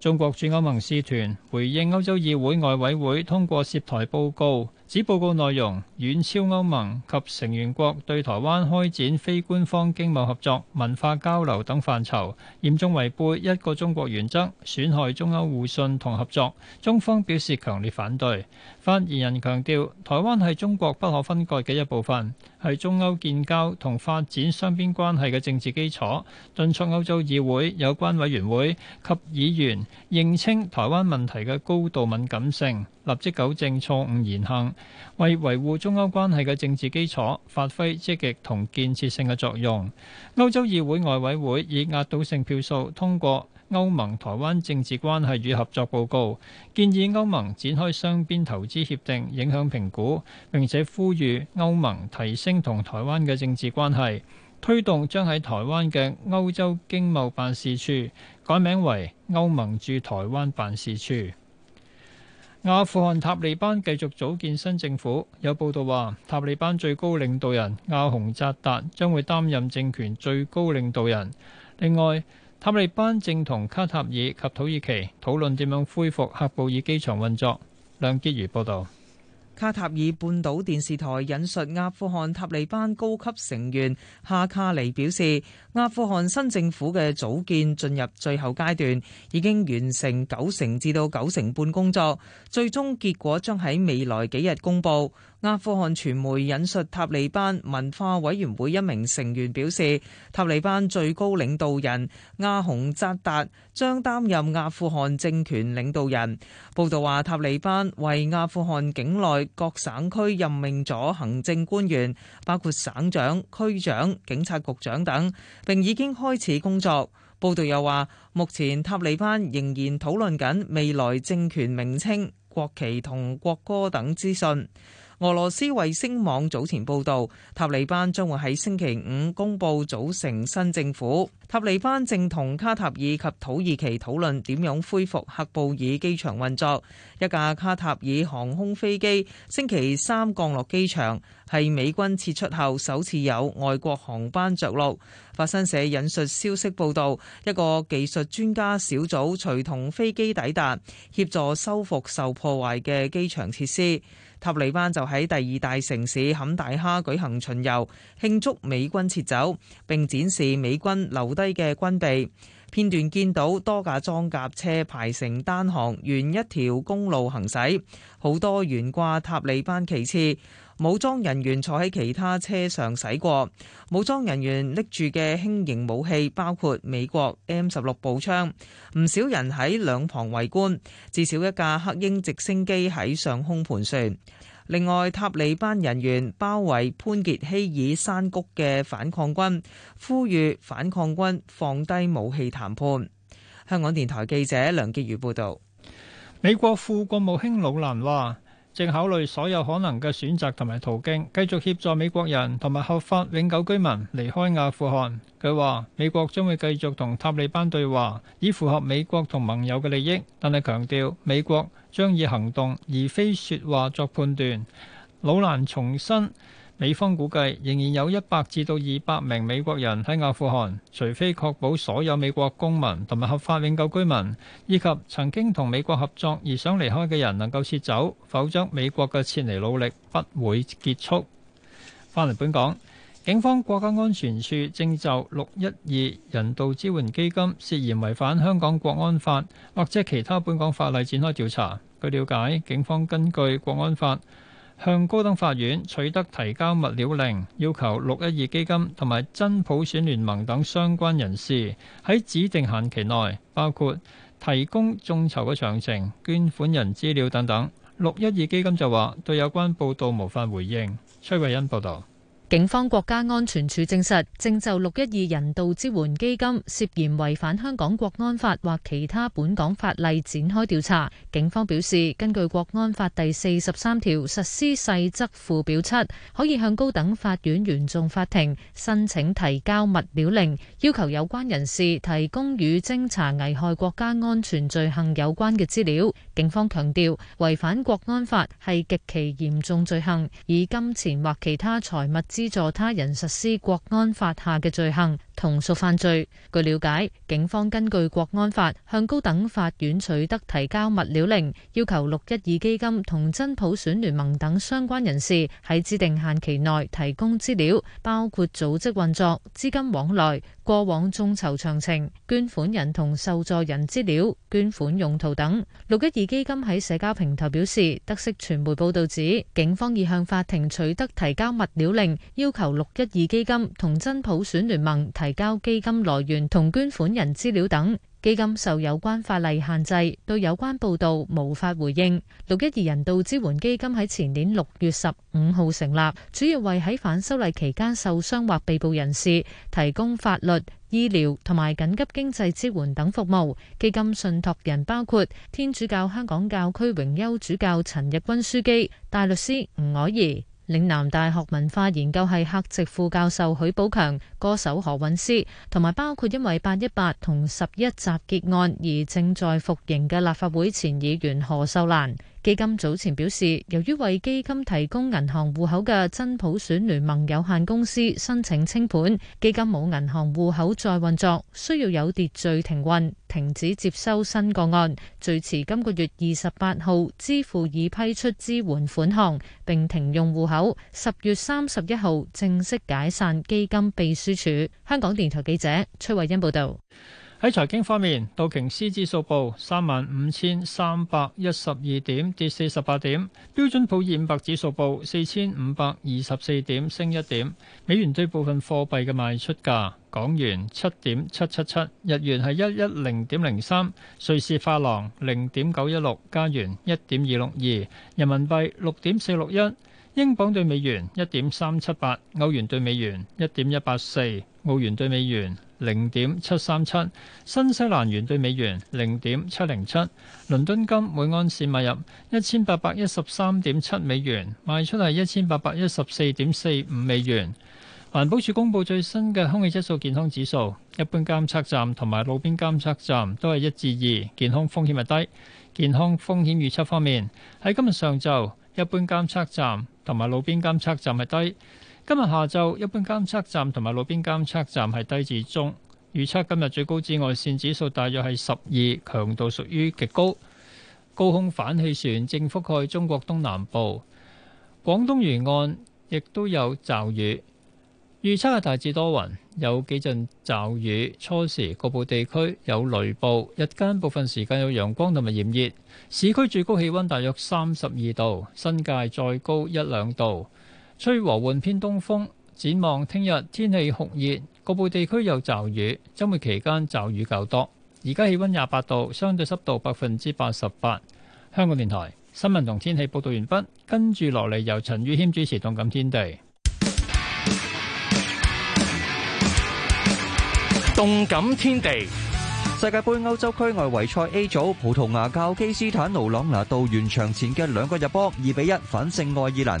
中國駐歐盟使團回應歐洲議會外委會通過涉台報告。指報告內容遠超歐盟及成員國對台灣開展非官方經貿合作、文化交流等範疇，嚴重違背一個中國原則，損害中歐互信同合作。中方表示強烈反對。發言人強調，台灣係中國不可分割嘅一部分，係中歐建交同發展雙邊關係嘅政治基礎。敦促歐洲議會有關委員會及議員認清台灣問題嘅高度敏感性，立即糾正錯誤言行。為維護中歐關係嘅政治基礎，發揮積極同建設性嘅作用。歐洲議會外委會以壓倒性票數通過歐盟台灣政治關係與合作報告，建議歐盟展開雙邊投資協定影響評估並且呼籲歐盟提升同台灣嘅政治關係，推動將喺台灣嘅歐洲經貿辦事處改名為歐盟駐台灣辦事處。阿富汗塔利班繼續組建新政府，有報道話塔利班最高領導人阿洪扎達將會擔任政權最高領導人。另外，塔利班正同卡塔爾及土耳其討論點樣恢復喀布爾機場運作。梁潔如報導。卡塔爾半島電視台引述阿富汗塔利班高級成員哈卡尼表示，阿富汗新政府嘅組建進入最後階段，已經完成九成至到九成半工作，最終結果將喺未來幾日公佈。阿富汗傳媒引述塔利班文化委員會一名成員表示，塔利班最高領導人阿洪扎達將擔任阿富汗政權領導人。報道話，塔利班為阿富汗境內各省區任命咗行政官員，包括省長、區長、警察局長等，並已經開始工作。報道又話，目前塔利班仍然討論緊未來政權名稱、國旗同國歌等資訊。俄羅斯衛星網早前報道，塔利班將會喺星期五公布組成新政府。塔利班正同卡塔爾及土耳其討論點樣恢復喀布爾機場運作。一架卡塔爾航空飛機星期三降落機場，係美軍撤出後首次有外國航班着陸。法新社引述消息報道，一個技術專家小組隨同飛機抵達，協助修復受破壞嘅機場設施。塔利班就喺第二大城市坎大哈舉行巡遊，慶祝美軍撤走，並展示美軍留低嘅軍備。片段見到多架裝甲車排成單行，沿一條公路行駛，好多懸掛塔利班旗幟。武裝人員坐喺其他車上駛過，武裝人員拎住嘅輕型武器包括美國 M 十六步槍，唔少人喺兩旁圍觀，至少一架黑鷹直升機喺上空盤旋。另外，塔利班人員包圍潘傑希爾山谷嘅反抗軍，呼籲反抗軍放低武器談判。香港電台記者梁潔如報導。美國副國務卿魯蘭話，正考慮所有可能嘅選擇同埋途徑，繼續協助美國人同埋合法永久居民離開阿富汗。佢話：美國將會繼續同塔利班對話，以符合美國同盟友嘅利益，但係強調美國將以行動而非説話作判斷。魯蘭重申。美方估計仍然有一百至到二百名美國人喺阿富汗，除非確保所有美國公民同埋合法永久居民，以及曾經同美國合作而想離開嘅人能夠撤走，否則美國嘅撤離努力不會結束。翻嚟本港，警方國家安全處正就六一二人道支援基金涉嫌違反香港國安法或者其他本港法例展開調查。據了解，警方根據國安法。向高等法院取得提交物料令，要求六一二基金同埋真普選聯盟等相關人士喺指定限期內，包括提供眾籌嘅詳情、捐款人資料等等。六一二基金就話對有關報道無法回應。崔慧欣報道。警方國家安全處證實，正就六一二人道支援基金涉嫌違反香港國安法或其他本港法例展開調查。警方表示，根據國安法第四十三條實施細則附表七，可以向高等法院原訟法庭申請提交物料令，要求有關人士提供與偵查危害國家安全罪行有關嘅資料。警方強調，違反國安法係極其嚴重罪行，以金錢或其他財物資助他人實施國安法下嘅罪行，同屬犯罪。據了解，警方根據國安法向高等法院取得提交物料令，要求六一二基金同真普選聯盟等相關人士喺指定限期內提供資料，包括組織運作、資金往來。過往眾籌詳情、捐款人同受助人資料、捐款用途等。六一二基金喺社交平台表示，得悉傳媒報導指警方已向法庭取得提交物料令，要求六一二基金同真普選聯盟提交基金來源同捐款人資料等。基金受有關法例限制，對有關報導無法回應。六一二人道支援基金喺前年六月十五號成立，主要為喺反修例期間受傷或被捕人士提供法律、醫療同埋緊急經濟支援等服務。基金信託人包括天主教香港教區榮休主教陳日君樞機、大律師吳靄儀、嶺南大學文化研究系客席副，副教授許寶強、歌手何韻詩，同埋包括因為八一八同十一集結案而正在服刑嘅立法會前議員何秀蘭。基金早前表示，由於為基金提供銀行戶口嘅真普選聯盟有限公司申請清盤，基金冇銀行戶口再運作，需要有秩序停運，停止接收新個案，最遲今個月二十八號支付已批出支援款項，並停用戶口。十月三十一號正式解散基金秘書處。香港電台記者崔慧欣報道。喺財經方面，道瓊斯指數報三萬五千三百一十二點，跌四十八點；標準普爾五百指數報四千五百二十四點，升一點。美元對部分貨幣嘅賣出價：港元七點七七七，日元係一一零點零三，瑞士法郎零點九一六，加元一點二六二，人民幣六點四六一，英鎊對美元一點三七八，歐元對美元一點一八四，澳元對美元零點七三七，37，新西蘭元對美元零點七零七，倫敦金每安士買入一千八百一十三點七美元，賣出係一千八百一十四點四五美元。環保署公布最新嘅空氣質素健康指數，一般監測站同埋路邊監測站都係一至二，健康風險係低。健康風險預測方面，喺今日上晝，一般監測站同埋路邊監測站係低。今日下晝，一般監測站同埋路邊監測站係低至中預測。今日最高紫外線指數大約係十二，強度屬於極高。高空反氣旋正覆蓋中國東南部，廣東沿岸亦都有驟雨。預測係大致多雲，有幾陣驟雨。初時局部地區有雷暴，日間部分時間有陽光同埋炎熱。市區最高氣溫大約三十二度，新界再高一兩度。吹和緩偏東風，展望聽日天氣酷熱，局部地區有驟雨，周末期間驟雨較多。而家氣温廿八度，相對濕度百分之八十八。香港電台新聞同天氣報道完畢，跟住落嚟由陳宇謙主持《動感天地》。動感天地，世界盃歐洲區外圍賽 A 組，葡萄牙靠基斯坦奴朗拿度完場前嘅兩個入波，二比一反勝愛爾蘭。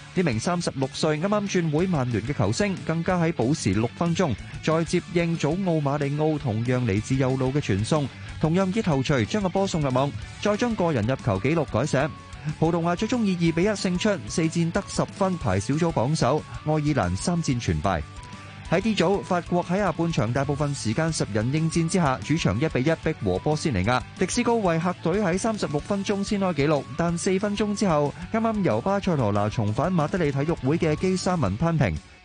呢名三十六歲啱啱轉會曼聯嘅球星，更加喺補時六分鐘再接應祖奧馬利奧同樣嚟自右路嘅傳送，同樣以頭槌將個波送入網，再將個人入球紀錄改寫。葡萄牙最終以二比一勝出，四戰得十分排小組榜首。愛爾蘭三戰全敗。喺 D 組，法國喺下半場大部分時間十人應戰之下，主場一比一逼和波斯尼亞。迪斯高為客隊喺三十六分鐘先開紀錄，但四分鐘之後，啱啱由巴塞羅那重返馬德里體育會嘅基沙文扳平。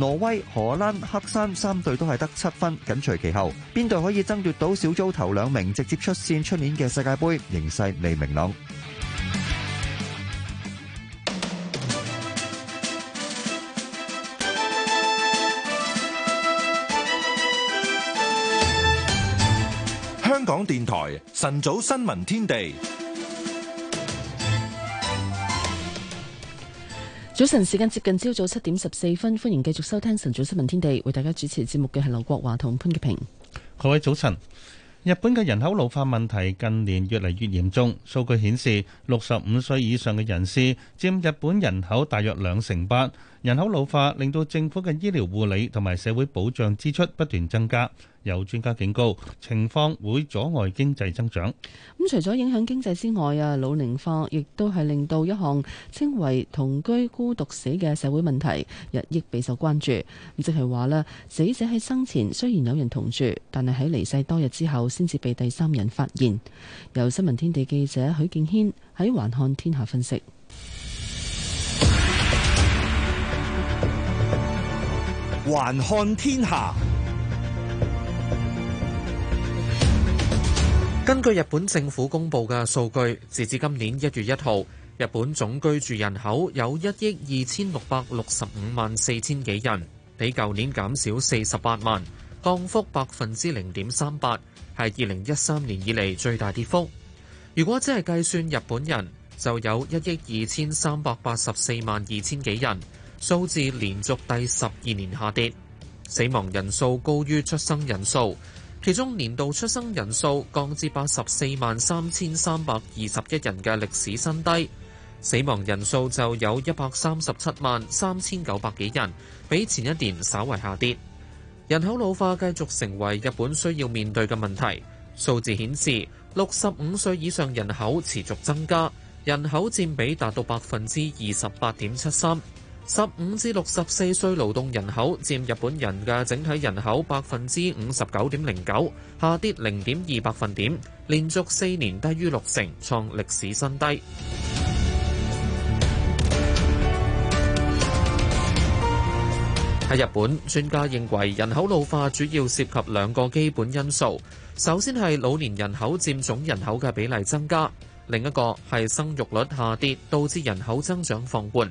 挪威、荷蘭、黑山三隊都係得七分，緊隨其後。邊隊可以爭奪到小組頭兩名，直接出線出年嘅世界杯？形勢未明朗。香港電台晨早新聞天地。早晨時間接近朝早七點十四分，歡迎繼續收聽晨早新聞天地，為大家主持節目嘅係劉國華同潘潔平。各位早晨，日本嘅人口老化問題近年越嚟越嚴重。數據顯示，六十五歲以上嘅人士佔日本人口大約兩成八。人口老化令到政府嘅醫療護理同埋社會保障支出不斷增加。有專家警告，情況會阻礙經濟增長。咁除咗影響經濟之外啊，老齡化亦都係令到一項稱為同居孤獨死嘅社會問題日益備受關注。咁即係話咧，死者喺生前雖然有人同住，但係喺離世多日之後先至被第三人發現。由新聞天地記者許敬軒喺環看天下分析。環看天下。分析。根據日本政府公布嘅數據，截至今年一月一號，日本總居住人口有一億二千六百六十五萬四千幾人，比舊年減少四十八萬，降幅百分之零點三八，係二零一三年以嚟最大跌幅。如果只係計算日本人，就有一億二千三百八十四萬二千幾人，數字連續第十二年下跌，死亡人數高於出生人數。其中年度出生人數降至八十四萬三千三百二十一人嘅歷史新低，死亡人數就有一百三十七萬三千九百幾人，比前一年稍為下跌。人口老化繼續成為日本需要面對嘅問題。數字顯示，六十五歲以上人口持續增加，人口佔比達到百分之二十八點七三。十五至六十四歲勞動人口佔日本人嘅整體人口百分之五十九點零九，下跌零點二百分點，連續四年低於六成，創歷史新低。喺日本，專家認為人口老化主要涉及兩個基本因素：首先係老年人口佔總人口嘅比例增加；另一個係生育率下跌，導致人口增長放緩。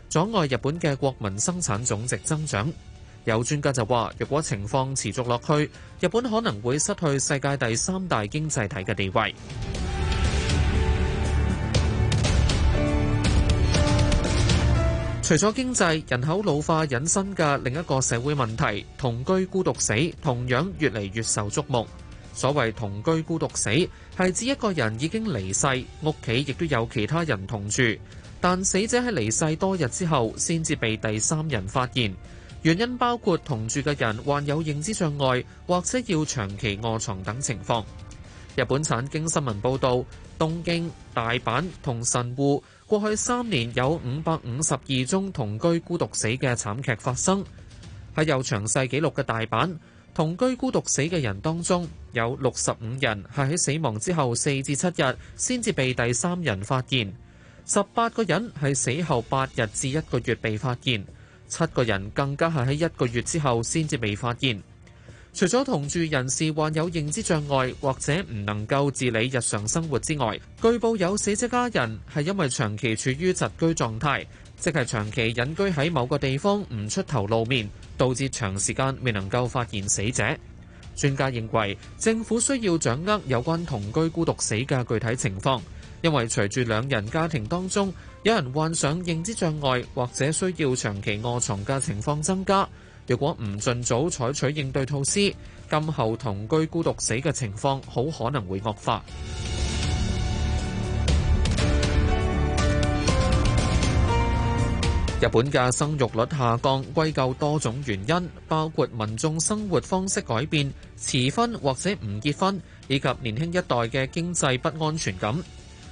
阻礙日本嘅國民生產總值增長，有專家就話，若果情況持續落去，日本可能會失去世界第三大經濟體嘅地位。 除咗經濟，人口老化引申嘅另一個社會問題——同居孤獨死，同樣越嚟越受矚目。所謂同居孤獨死，係指一個人已經離世，屋企亦都有其他人同住。但死者喺離世多日之後，先至被第三人發現。原因包括同住嘅人患有認知障礙，或者要長期臥床等情況。日本產經新聞報導，東京、大阪同神戶過去三年有五百五十二宗同居孤獨死嘅慘劇發生。喺有詳細記錄嘅大阪，同居孤獨死嘅人當中有六十五人係喺死亡之後四至七日先至被第三人發現。十八個人係死後八日至一個月被發現，七個人更加係喺一個月之後先至被發現。除咗同住人士患有認知障礙或者唔能夠自理日常生活之外，據報有死者家人係因為長期處於宅居狀態，即係長期隱居喺某個地方唔出頭露面，導致長時間未能夠發現死者。專家認為政府需要掌握有關同居孤獨死嘅具體情況。因為隨住兩人家庭當中有人患上認知障礙，或者需要長期卧床嘅情況增加，如果唔盡早採取應對措施，今後同居孤獨死嘅情況好可能會惡化。日本嘅生育率下降歸咎多種原因，包括民眾生活方式改變、遲婚或者唔結婚，以及年輕一代嘅經濟不安全感。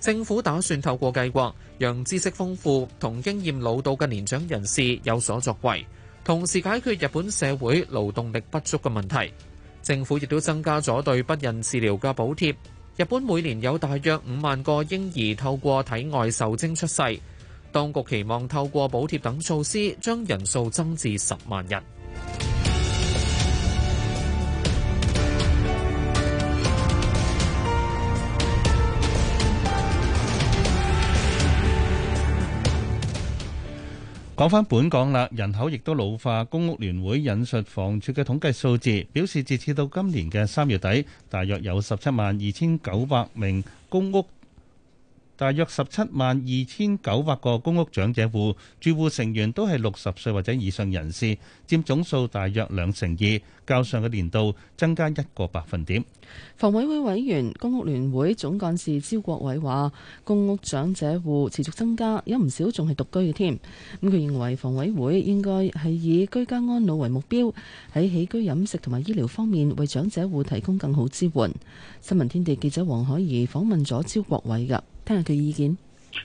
政府打算透過計劃，讓知識豐富同經驗老到嘅年長人士有所作為，同時解決日本社會勞動力不足嘅問題。政府亦都增加咗對不孕治療嘅補貼。日本每年有大約五萬個嬰兒透過體外受精出世，當局期望透過補貼等措施，將人數增至十萬人。講返本港啦，人口亦都老化，公屋聯會引述房署嘅統計數字，表示截至到今年嘅三月底，大約有十七萬二千九百名公屋。大約十七萬二千九百個公屋長者戶住戶成員都係六十歲或者以上人士，佔總數大約兩成二，較上個年度增加一個百分點。房委會委員、公屋聯會總幹事招國偉話，公屋長者戶持續增加，有唔少仲係獨居嘅添。咁佢認為房委會應該係以居家安老為目標，喺起居飲食同埋醫療方面為長者戶提供更好支援。新聞天地記者黃海怡訪問咗招國偉噶。聽下佢意見。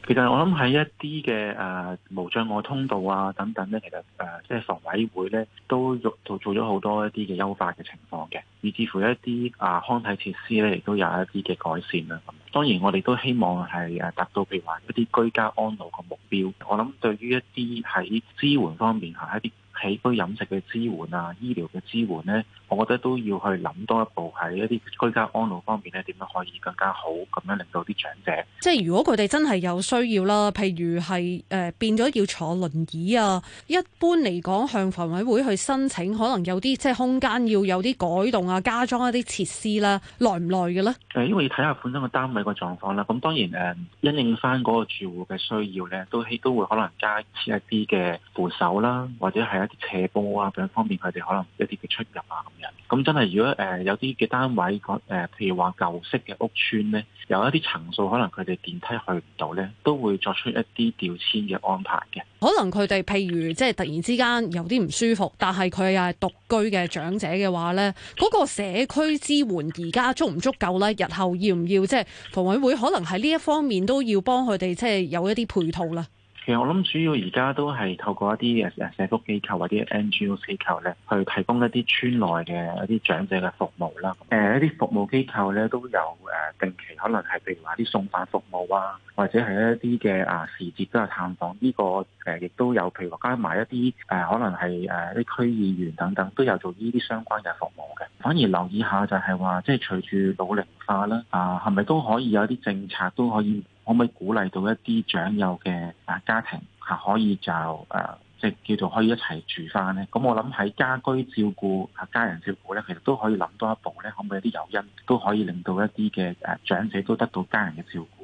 其實我諗喺一啲嘅誒無障礙通道啊等等咧，其實誒即係房委會咧都都做咗好多一啲嘅優化嘅情況嘅，以至乎一啲誒、呃、康體設施咧亦都有一啲嘅改善啦。咁、嗯、當然我哋都希望係誒達到譬如話一啲居家安老嘅目標。我諗對於一啲喺支援方面吓一啲。起居飲食嘅支援啊，醫療嘅支援咧，我覺得都要去諗多一步，喺一啲居家安老方面咧，點樣可以更加好，咁樣令到啲長者。即係如果佢哋真係有需要啦，譬如係誒、呃、變咗要坐輪椅啊，一般嚟講向房委會去申請，可能有啲即係空間要有啲改動啊，加裝一啲設施啦、啊，耐唔耐嘅咧？誒、呃，因為要睇下本身個單位個狀況啦、啊。咁當然誒，呃、因應應翻嗰個住戶嘅需要咧，都都會，都會可能加設一啲嘅扶手啦，或者係，一啲斜坡啊，另一方面，佢哋可能一啲嘅出入啊，咁樣。咁真係，如果誒、呃、有啲嘅單位，誒、呃、譬如話舊式嘅屋邨咧，有一啲層數可能佢哋電梯去唔到咧，都會作出一啲調遷嘅安排嘅。可能佢哋譬如即係突然之間有啲唔舒服，但係佢又係獨居嘅長者嘅話咧，嗰、那個社區支援而家足唔足夠咧？日後要唔要即係房委會可能喺呢一方面都要幫佢哋即係有一啲配套啦？其實我諗主要而家都係透過一啲誒社福機構或者 NGO 機構咧，去提供一啲村內嘅一啲長者嘅服務啦。誒一啲服務機構咧都有誒、呃、定期，可能係譬如話啲送飯服務啊，或者係一啲嘅啊時節都有探訪。呢、這個誒亦、呃、都有，譬如話加埋一啲誒、呃、可能係誒啲區議員等等都有做呢啲相關嘅服務嘅。反而留意下就係話，即係隨住老齡化啦，啊係咪都可以有啲政策都可以？可唔可以鼓勵到一啲長幼嘅啊家庭嚇可以就誒即係叫做可以一齊住返呢？咁我諗喺家居照顧嚇，家人照顧呢，其實都可以諗多一步呢，可唔可以有啲誘因都可以令到一啲嘅誒長者都得到家人嘅照顧？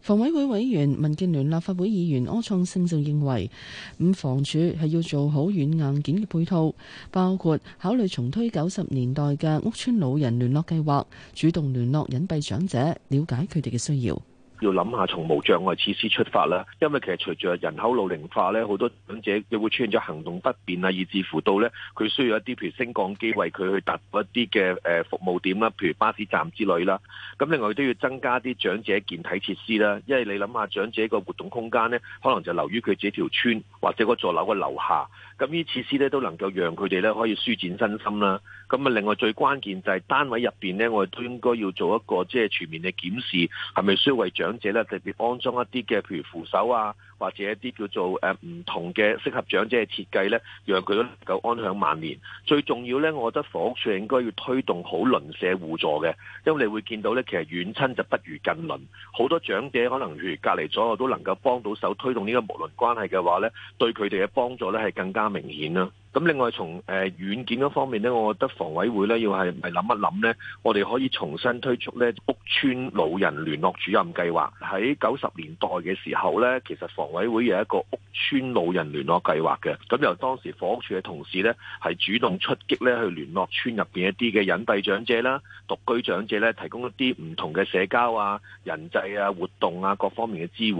房委會委員、民建聯立法會議員柯創盛就認為，咁房署係要做好軟硬件嘅配套，包括考慮重推九十年代嘅屋邨老人聯絡計劃，主動聯絡隱蔽長者，了解佢哋嘅需要。要諗下從無障礙設施出發啦，因為其實隨住人口老齡化咧，好多長者又會出現咗行動不便啊，以至乎到咧佢需要一啲譬如升降機為佢去達一啲嘅誒服務點啦，譬如巴士站之類啦。咁另外都要增加啲長者健體設施啦，因為你諗下長者個活動空間咧，可能就留於佢自己條村或者嗰座樓嘅樓下。咁呢啲設施咧都能夠讓佢哋咧可以舒展身心啦。咁啊，另外最關鍵就係單位入邊咧，我哋都應該要做一個即係全面嘅檢視，係咪需要為長者咧特別安裝一啲嘅譬如扶手啊？或者一啲叫做誒唔同嘅適合長者嘅設計咧，讓佢都能夠安享晚年。最重要咧，我覺得房屋署應該要推動好鄰舍互助嘅，因為你會見到咧，其實遠親就不如近鄰。好多長者可能譬如隔籬左右都能夠幫到手推動呢個睦鄰關係嘅話咧，對佢哋嘅幫助咧係更加明顯啦。咁另外從誒軟件嗰方面咧，我覺得房委會咧要係咪諗一諗咧，我哋可以重新推出咧屋邨老人聯絡主任計劃。喺九十年代嘅時候咧，其實房委會有一個屋邨老人聯絡計劃嘅。咁由當時房屋處嘅同事咧，係主動出擊咧去聯絡村入邊一啲嘅隱蔽長者啦、獨居長者咧，提供一啲唔同嘅社交啊、人際啊、活動啊各方面嘅支援。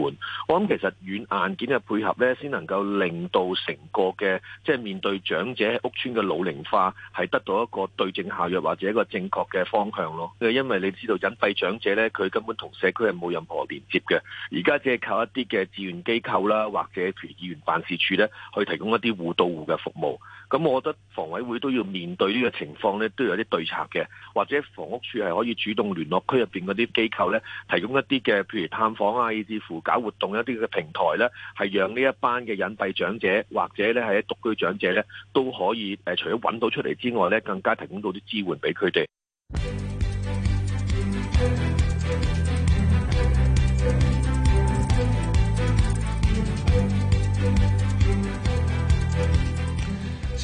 我諗其實軟硬件嘅配合咧，先能夠令到成個嘅即係面對長者屋邨嘅老齡化係得到一個對症下藥或者一個正確嘅方向咯，因為你知道隱蔽長者咧，佢根本同社區係冇任何連接嘅。而家只係靠一啲嘅志願機構啦，或者譬如議員辦事處咧，去提供一啲互到互嘅服務。咁我覺得房委會都要面對呢個情況咧，都有啲對策嘅，或者房屋處係可以主動聯絡區入邊嗰啲機構咧，提供一啲嘅譬如探訪啊，甚至乎搞活動一啲嘅平台咧，係讓呢一班嘅隱蔽長者或者咧係獨居長者咧。都可以誒，除咗揾到出嚟之外咧，更加提供到啲支援俾佢哋。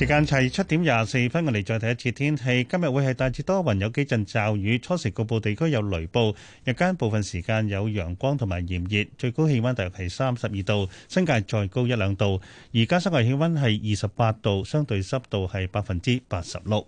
時間係七點廿四分，我哋再睇一次天氣。今日會係大致多雲，有幾陣驟雨，初時局部地區有雷暴。日間部分時間有陽光同埋炎熱，最高氣溫大約係三十二度，新界再高一兩度。而家室外氣溫係二十八度，相對濕度係百分之八十六。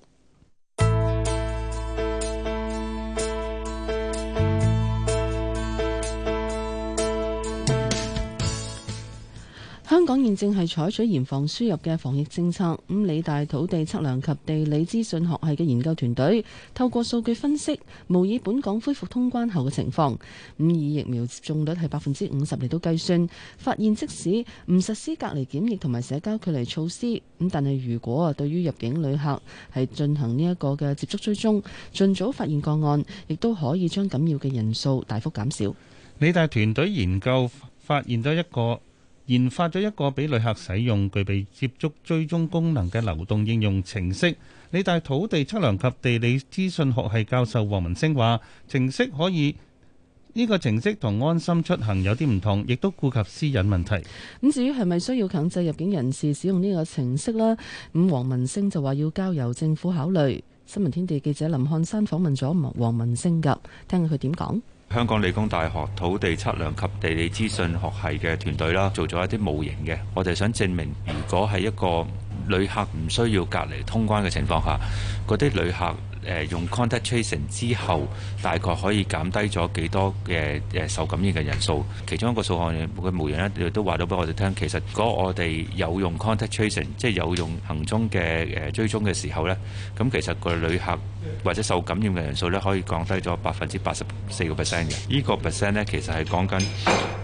香港現正係採取嚴防輸入嘅防疫政策。咁理大土地測量及地理資訊學系嘅研究團隊透過數據分析，模擬本港恢復通關後嘅情況。咁以疫苗接種率係百分之五十嚟到計算，發現即使唔實施隔離檢疫同埋社交距離措施，咁但係如果啊對於入境旅客係進行呢一個嘅接觸追蹤，盡早發現個案，亦都可以將緊要嘅人數大幅減少。理大團隊研究發現咗一個。研發咗一個俾旅客使用、具備接觸追蹤功能嘅流動應用程式。理大土地測量及地理資訊學系教授黃文星話：程式可以呢個程式同安心出行有啲唔同，亦都顧及私隱問題。咁至於係咪需要強制入境人士使用呢個程式呢？咁黃文星就話要交由政府考慮。新聞天地記者林漢山訪問咗黃文星噶，聽下佢點講。香港理工大學土地測量及地理資訊學系嘅團隊啦，做咗一啲模型嘅，我哋想證明，如果係一個旅客唔需要隔離通關嘅情況下，嗰啲旅客。誒用 contact tracing 之後，大概可以減低咗幾多嘅誒受感染嘅人數？其中一個數學嘅模型咧，你都話到俾我哋聽。其實果我哋有用 contact tracing，即係有用行蹤嘅誒追蹤嘅時候咧，咁其實個旅客或者受感染嘅人數咧，可以降低咗百分之八十四個 percent 嘅。呢個 percent 咧，其實係講緊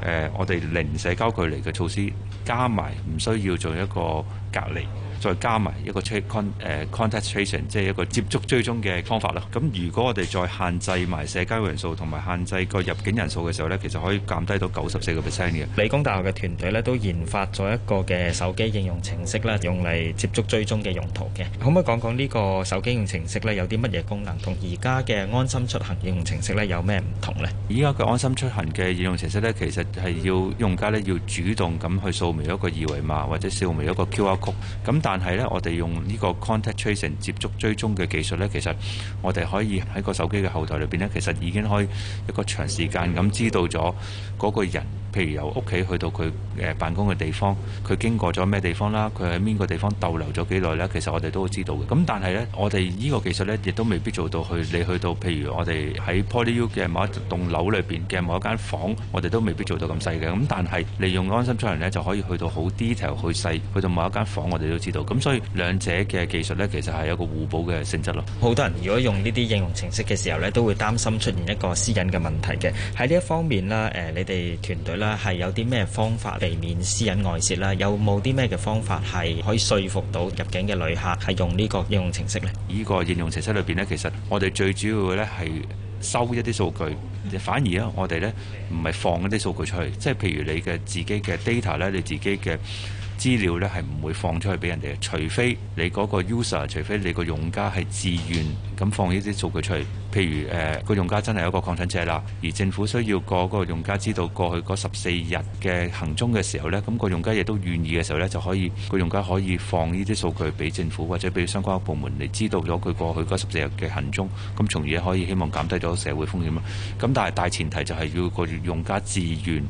誒我哋零社交距離嘅措施加埋，唔需要做一個隔離。再加埋一個 con 誒 contact tracing，即係一個接觸追蹤嘅方法啦。咁如果我哋再限制埋社交人數同埋限制個入境人數嘅時候咧，其實可以減低到九十四個 percent 嘅。理工大學嘅團隊咧都研發咗一個嘅手機應用程式啦，用嚟接觸追蹤嘅用途嘅。可唔可以講講呢個手機應用程式咧有啲乜嘢功能，同而家嘅安心出行應用程式咧有咩唔同呢？而家嘅安心出行嘅應用程式咧，其實係要用家咧要主動咁去掃描一個二維碼或者掃描一個 QR code，咁但係呢，我哋用呢個 contact tracing 接觸追蹤嘅技術呢，其實我哋可以喺個手機嘅後台裏邊呢，其實已經可以一個長時間咁知道咗個人，譬如由屋企去到佢誒辦公嘅地方，佢經過咗咩地方啦，佢喺邊個地方逗留咗幾耐咧，其實我哋都會知道嘅。咁但係呢，我哋呢個技術呢亦都未必做到去。你去到譬如我哋喺 PolyU 嘅某一棟樓裏邊嘅某一間房，我哋都未必做到咁細嘅。咁但係利用安心出行呢就可以去到好 detail 去細去到某一間房，我哋都知道。咁所以兩者嘅技術呢，其實係一個互補嘅性質咯。好多人如果用呢啲應用程式嘅時候呢，都會擔心出現一個私隱嘅問題嘅。喺呢一方面呢，誒、呃，你哋團隊呢，係有啲咩方法避免私隱外泄啦？有冇啲咩嘅方法係可以説服到入境嘅旅客係用呢個應用程式呢？呢個應用程式裏邊呢，其實我哋最主要呢，係收一啲數據，反而呢，我哋呢，唔係放一啲數據出去。即係譬如你嘅自己嘅 data 呢，你自己嘅。資料咧係唔會放出去俾人哋嘅，除非你嗰個 user，除非你個用家係自願咁放呢啲數據出去。譬如誒個、呃、用家真係有一個確診者啦，而政府需要個用家知道過去嗰十四日嘅行蹤嘅時候呢，咁、個用家亦都願意嘅時候呢，就可以、個用家可以放呢啲數據俾政府或者俾相關部門嚟知道咗佢過去嗰十四日嘅行蹤，咁從而可以希望減低咗社會風險啊！咁但係大前提就係要個用家自願。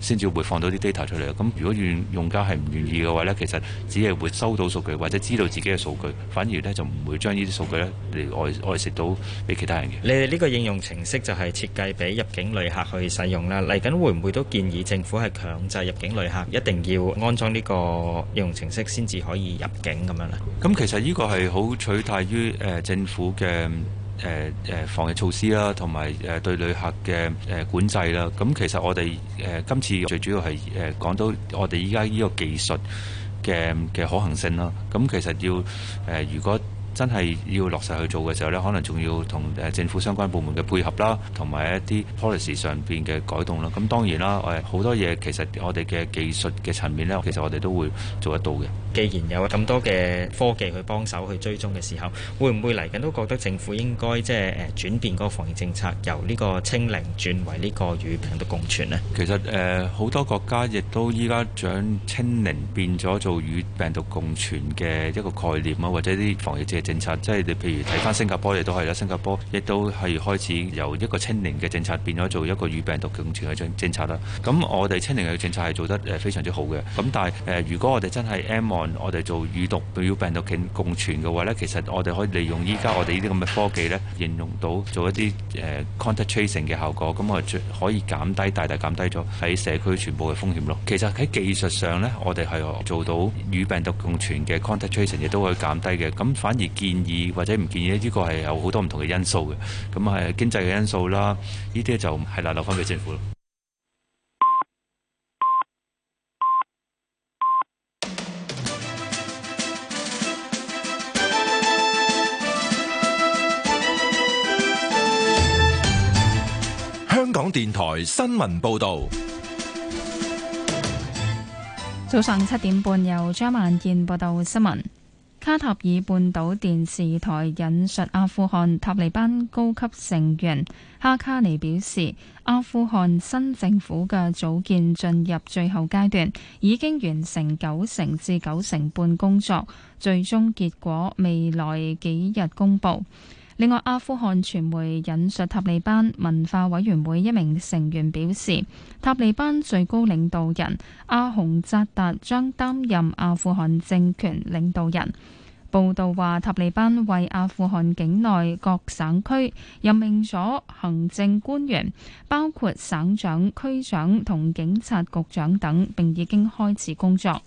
先至會放到啲 data 出嚟。咁如果願用家係唔願意嘅話呢，其實只係會收到數據或者知道自己嘅數據，反而呢就唔會將呢啲數據呢嚟外外泄到俾其他人嘅。你哋呢個應用程式就係設計俾入境旅客去使用啦。嚟緊會唔會都建議政府係強制入境旅客一定要安裝呢個應用程式先至可以入境咁樣呢？咁其實呢個係好取決於誒政府嘅。誒誒、呃、防疫措施啦，同埋誒對旅客嘅誒、呃、管制啦。咁其實我哋誒、呃、今次最主要係誒講到我哋依家呢個技術嘅嘅可行性啦。咁其實要誒、呃、如果，真係要落實去做嘅時候呢，可能仲要同政府相關部門嘅配合啦，同埋一啲 policy 上邊嘅改動啦。咁當然啦，誒好多嘢其實我哋嘅技術嘅層面呢，其實我哋都會做得到嘅。既然有咁多嘅科技去幫手去追蹤嘅時候，會唔會嚟緊都覺得政府應該即係誒轉變個防疫政策，由呢個清零轉為呢個與病毒共存呢？其實誒好多國家亦都依家將清零變咗做與病毒共存嘅一個概念啊，或者啲防疫政策即係你，譬如睇翻新加坡，亦都係啦。新加坡亦都係開始由一個清零嘅政策變咗做一個與病毒共存嘅政政策啦。咁我哋清零嘅政策係做得誒非常之好嘅。咁但係誒、呃、如果我哋真係 aim on 我哋做與病毒與病毒共存嘅話咧，其實我哋可以利用依家我哋呢啲咁嘅科技咧，形容到做一啲誒、呃、contact tracing 嘅效果。咁我哋最可以減低大大減低咗喺社區全部嘅風險咯。其實喺技術上咧，我哋係做到與病毒共存嘅 contact tracing 亦都可以減低嘅。咁反而。建議或者唔建議呢？呢、呢個係有好多唔同嘅因素嘅，咁、嗯、係經濟嘅因素啦，呢啲就係留翻俾政府。香港電台新聞報道，早上七點半由張萬健報道新聞。卡塔爾半島電視台引述阿富汗塔利班高級成員哈卡尼表示，阿富汗新政府嘅組建進入最後階段，已經完成九成至九成半工作，最終結果未來幾日公布。另外，阿富汗傳媒引述塔利班文化委員會一名成員表示，塔利班最高領導人阿洪扎達將擔任阿富汗政權領導人。報道話，塔利班為阿富汗境內各省區任命咗行政官員，包括省長、區長同警察局長等，並已經開始工作。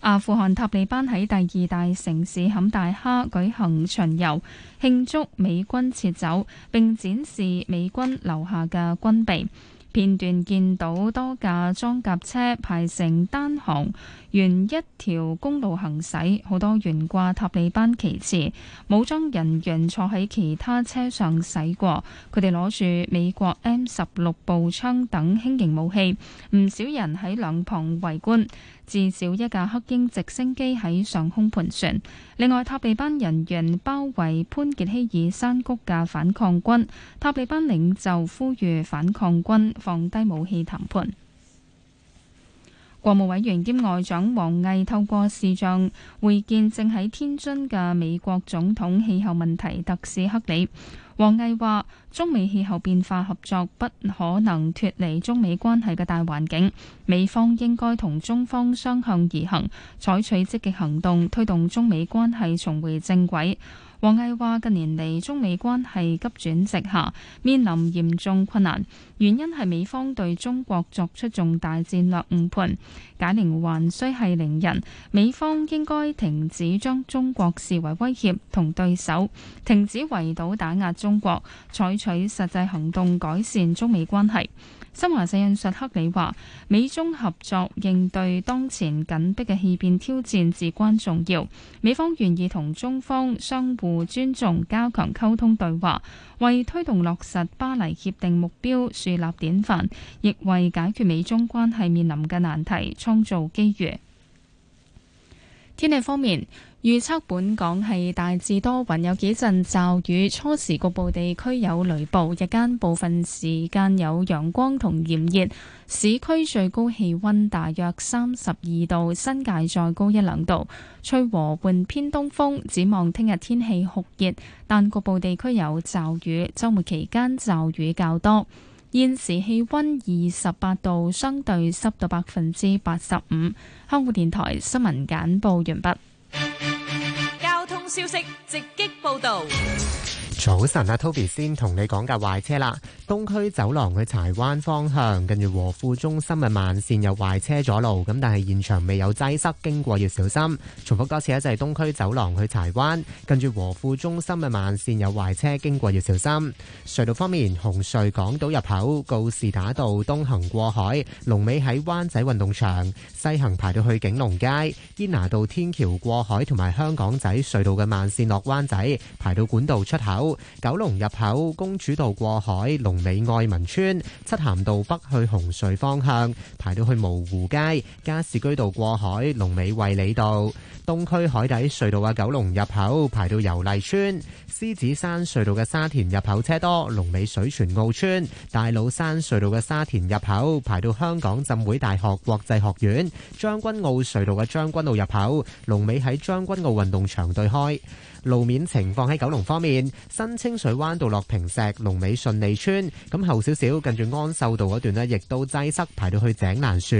阿富汗塔利班喺第二大城市坎大哈舉行巡遊，慶祝美軍撤走，並展示美軍留下嘅軍備。片段見到多架裝甲車排成單行，沿一條公路行駛，好多懸掛塔利班旗幟，武裝人員坐喺其他車上駛過，佢哋攞住美國 M 十六步槍等輕型武器，唔少人喺兩旁圍觀。至少一架黑鷹直升機喺上空盤旋，另外塔利班人員包圍潘傑希爾山谷嘅反抗軍，塔利班領袖呼籲反抗軍放低武器談判。國務委員兼外長王毅透過視像會見正喺天津嘅美國總統氣候問題特使克里。王毅話：中美氣候變化合作不可能脫離中美關係嘅大環境，美方應該同中方相向而行，採取積極行動，推動中美關係重回正軌。王毅話：近年嚟中美關係急轉直下，面臨嚴重困難，原因係美方對中國作出重大戰略誤判，解鈴還需繫鈴人。美方應該停止將中國視為威脅同對手，停止圍堵打壓中國，採取實際行動改善中美關係。新華社引述克里話：美中合作應對當前緊迫嘅氣變挑戰至關重要。美方願意同中方相互尊重，加強溝通對話，為推動落實巴黎協定目標樹立典範，亦為解決美中關係面臨嘅難題創造機遇。天氣方面。預測本港係大致多雲，有幾陣驟雨，初時局部地區有雷暴，日間部分時間有陽光同炎熱。市區最高氣溫大約三十二度，新界再高一兩度。吹和緩偏東風，展望聽日天氣酷熱，但局部地區有驟雨，周末期間驟雨較多。現時氣溫二十八度，相對濕度百分之八十五。香港電台新聞簡報完畢。消息直擊報導。早晨啊，Toby 先同你講架壞車啦。東區走廊去柴灣方向，跟住和富中心嘅慢綫有壞車阻路，咁但係現場未有擠塞，經過要小心。重複多次一就係、是、東區走廊去柴灣，跟住和富中心嘅慢綫有壞車，經過要小心。隧道方面，紅隧港島入口告士打道東行過海，龍尾喺灣仔運動場；西行排到去景隆街，堅拿道天橋過海，同埋香港仔隧道嘅慢綫落灣仔，排到管道出口。九龍入口公主道過海，龍尾愛民村；漆咸道北去紅隧方向，排到去蕪湖街；加士居道過海，龍尾衛理道；東區海底隧道嘅九龍入口，排到油麗邨；獅子山隧道嘅沙田入口車多，龍尾水泉澳村；大老山隧道嘅沙田入口，排到香港浸會大學國際學院；將軍澳隧道嘅將軍澳入口，龍尾喺將軍澳運動場對開。路面情況喺九龍方面，新清水灣道落坪石龍尾順利村，咁後少少近住安秀道嗰段呢，亦都擠塞，排到去井蘭樹；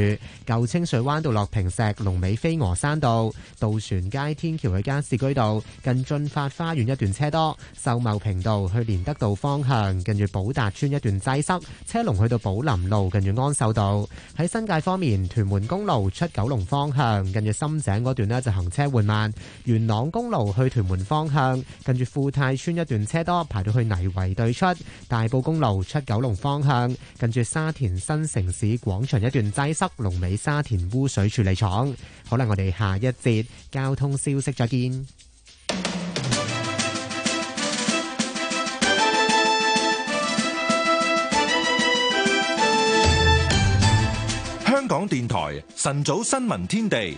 舊清水灣道落坪石龍尾飛鵝山道，渡船街天橋去加士居道，近駿發花園一段車多；秀茂坪道去連德道方向，近住寶達村一段擠塞，車龍去到寶林路，近住安秀道。喺新界方面，屯門公路出九龍方向，近住深井嗰段呢，就行車緩慢；元朗公路去屯門方向，跟住富泰邨一段車多，排到去泥圍對出。大埔公路出九龍方向，跟住沙田新城市廣場一段擠塞，龍尾沙田污水處理廠。好啦，我哋下一節交通消息再見。香港電台晨早新聞天地。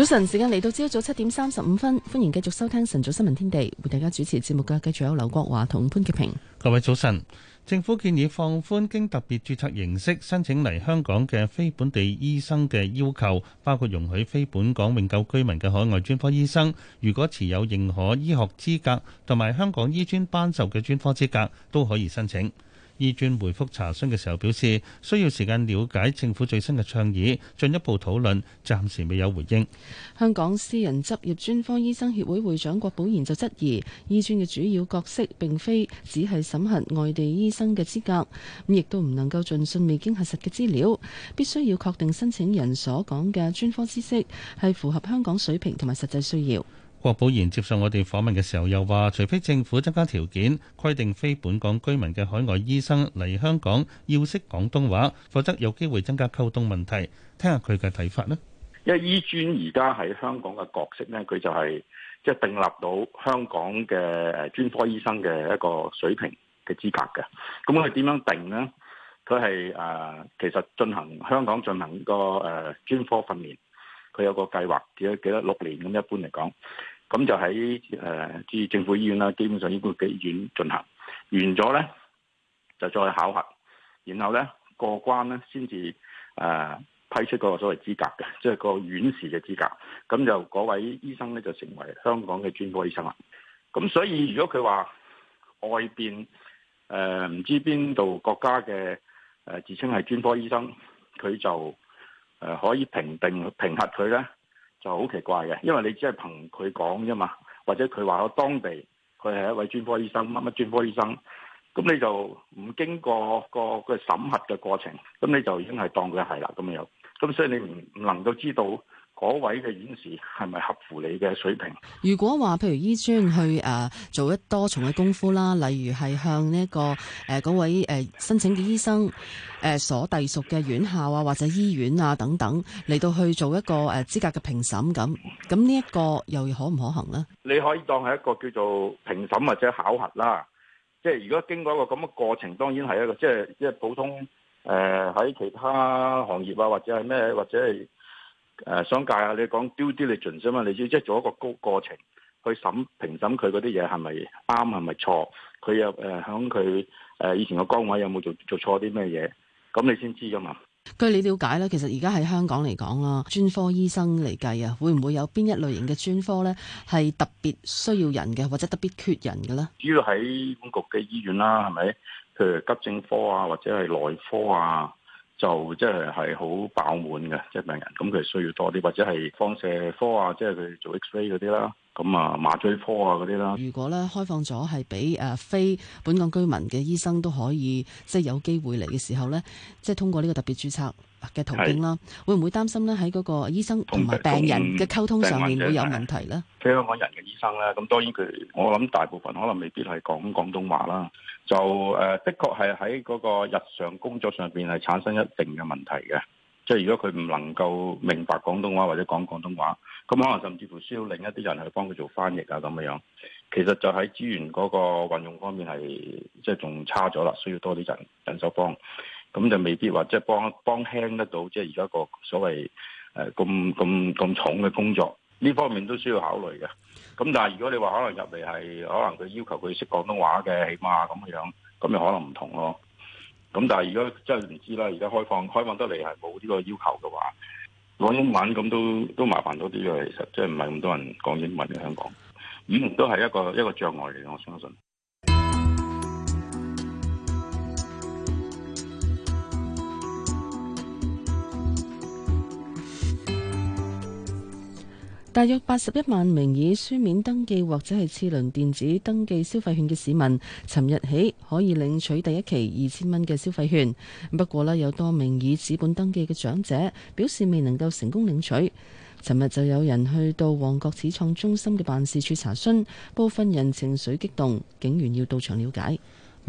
早晨，時間嚟到朝早七點三十五分，歡迎繼續收聽晨早新聞天地，為大家主持節目嘅繼續有劉國華同潘潔平。各位早晨，政府建議放寬經特別注冊形式申請嚟香港嘅非本地醫生嘅要求，包括容許非本港永久居民嘅海外專科醫生，如果持有認可醫學資格同埋香港醫專頒授嘅專科資格，都可以申請。醫專回覆查詢嘅時候表示，需要時間了解政府最新嘅倡議，進一步討論，暫時未有回應。香港私人執業專科醫生協會會長郭寶賢就質疑，醫專嘅主要角色並非只係審核外地醫生嘅資格，咁亦都唔能夠盡信未經核實嘅資料，必須要確定申請人所講嘅專科知識係符合香港水平同埋實際需要。郭寶賢接受我哋訪問嘅時候又話，除非政府增加條件，規定非本港居民嘅海外醫生嚟香港要識廣東話，否則有機會增加溝通問題，聽下佢嘅睇法咧。因為醫專而家喺香港嘅角色咧，佢就係即係訂立到香港嘅誒專科醫生嘅一個水平嘅資格嘅。咁佢點樣定咧？佢係誒其實進行香港進行個誒專科訓練，佢有個計劃幾多幾多六年咁一般嚟講。咁就喺誒啲政府醫院啦，基本上應該幾院進行完咗咧，就再考核，然後咧過關咧先至誒批出嗰個所謂資格嘅，即係個院士嘅資格。咁就嗰位醫生咧就成為香港嘅專科醫生啦。咁所以如果佢話外邊誒唔知邊度國家嘅誒自稱係專科醫生，佢就誒可以評定評核佢咧。就好奇怪嘅，因為你只係憑佢講啫嘛，或者佢話我當地佢係一位專科醫生，乜乜專科醫生，咁你就唔經過個個審核嘅過程，咁你就已經係當佢係啦咁樣。咁所以你唔唔能夠知道。嗰位嘅演示係咪合乎你嘅水平？如果話譬如醫專去誒、啊、做一多重嘅功夫啦、啊，例如係向呢、這、一個誒嗰、啊、位誒申請嘅醫生誒、啊、所隸屬嘅院校啊，或者醫院啊等等，嚟到去做一個誒資、啊、格嘅評審，咁，咁呢一個又可唔可行咧？你可以當係一個叫做評審或者考核啦、啊，即係如果經過一個咁嘅過程，當然係一個即係即係普通誒喺、呃、其他行業啊，或者係咩，或者係。誒、呃，想介下你講 due diligence 你知即係做一個高過程去審評審佢嗰啲嘢係咪啱係咪錯，佢又誒響佢誒以前個崗位有冇做做錯啲咩嘢，咁你先知噶嘛？據你了解咧，其實而家喺香港嚟講啦，專科醫生嚟計啊，會唔會有邊一類型嘅專科咧係特別需要人嘅，或者特別缺人嘅咧？主要喺管局嘅醫院啦，係咪？譬如急症科啊，或者係內科啊。就即係係好飽滿嘅，即、就、係、是、病人咁，佢需要多啲或者係放射科啊，即係佢做 X ray 嗰啲啦。咁啊，麻醉科啊嗰啲啦。如果咧開放咗係俾誒非本港居民嘅醫生都可以，即係有機會嚟嘅時候咧，即係通過呢個特別註冊嘅途徑啦，會唔會擔心咧喺嗰個醫生同埋病人嘅溝通上面會有問題咧？非香港人嘅醫生咧，咁當然佢我諗大部分可能未必係講廣東話啦，就誒的確係喺嗰個日常工作上邊係產生一定嘅問題嘅，即係如果佢唔能夠明白廣東話或者講廣東話。咁、嗯、可能甚至乎需要另一啲人去幫佢做翻譯啊，咁樣樣。其實就喺資源嗰個運用方面係即係仲差咗啦，需要多啲人人手幫，咁就未必話即係幫幫輕得到，即係而家個所謂誒咁咁咁重嘅工作，呢方面都需要考慮嘅。咁但係如果你話可能入嚟係可能佢要求佢識廣東話嘅，起碼咁嘅樣，咁又可能唔同咯。咁但係如果真係唔知啦，而家開放開放得嚟係冇呢個要求嘅話。講英文咁都，都麻煩多啲嘅，其實即係唔係咁多人講英文喺香港，依、嗯、然都係一,一個障礙嚟，我相信。大約八十一萬名以書面登記或者是次輪電子登記消費券嘅市民，尋日起可以領取第一期二千蚊嘅消費券。不過呢，有多名以紙本登記嘅長者表示未能夠成功領取。尋日就有人去到旺角始創中心嘅辦事處查詢，部分人情緒激動，警員要到場了解。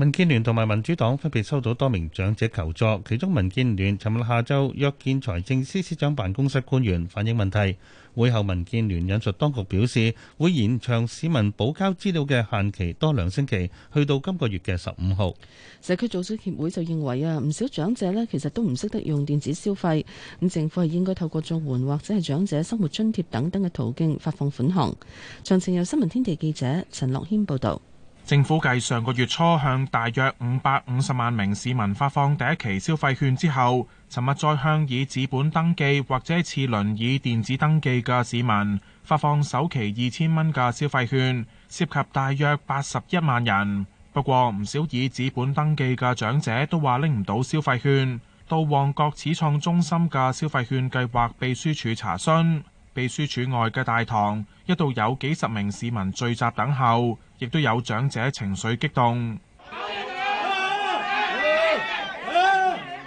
民建聯同埋民主黨分別收到多名長者求助，其中民建聯尋日下晝約見財政司司長辦公室官員反映問題。會後，民建聯引述當局表示會延長市民補交資料嘅限期多兩星期，去到今個月嘅十五號。社區組織協會就認為啊，唔少長者咧其實都唔識得用電子消費，咁政府係應該透過綜援或者係長者生活津貼等等嘅途徑發放款項。詳情由新聞天地記者陳樂謙報道。政府繼上個月初向大約五百五十萬名市民發放第一期消費券之後，尋日再向以紙本登記或者次輪以電子登記嘅市民發放首期二千蚊嘅消費券，涉及大約八十一萬人。不過唔少以紙本登記嘅長者都話拎唔到消費券，到旺角始創中心嘅消費券計劃秘書處查詢。秘書處外嘅大堂一度有幾十名市民聚集等候，亦都有長者情緒激動。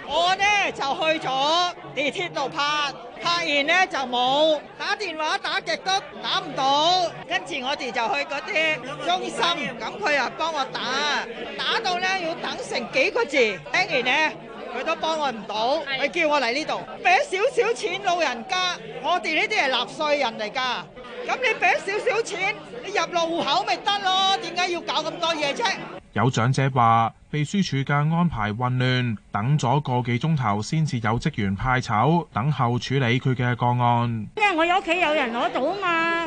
我呢就去咗地鐵度拍，拍完呢就冇，打電話打極都打唔到，跟住我哋就去嗰啲中心，咁佢呀幫我打，打到呢要等成幾個字，Andy 呢？佢都幫我唔到，你叫我嚟呢度，俾少少錢老人家，我哋呢啲係納稅人嚟㗎，咁你俾少少錢，你入落戶口咪得咯？點解要搞咁多嘢啫？有長者話。秘書處嘅安排混亂，等咗個幾鐘頭先至有職員派籌等候處理佢嘅個案。因為我有屋企有人攞到啊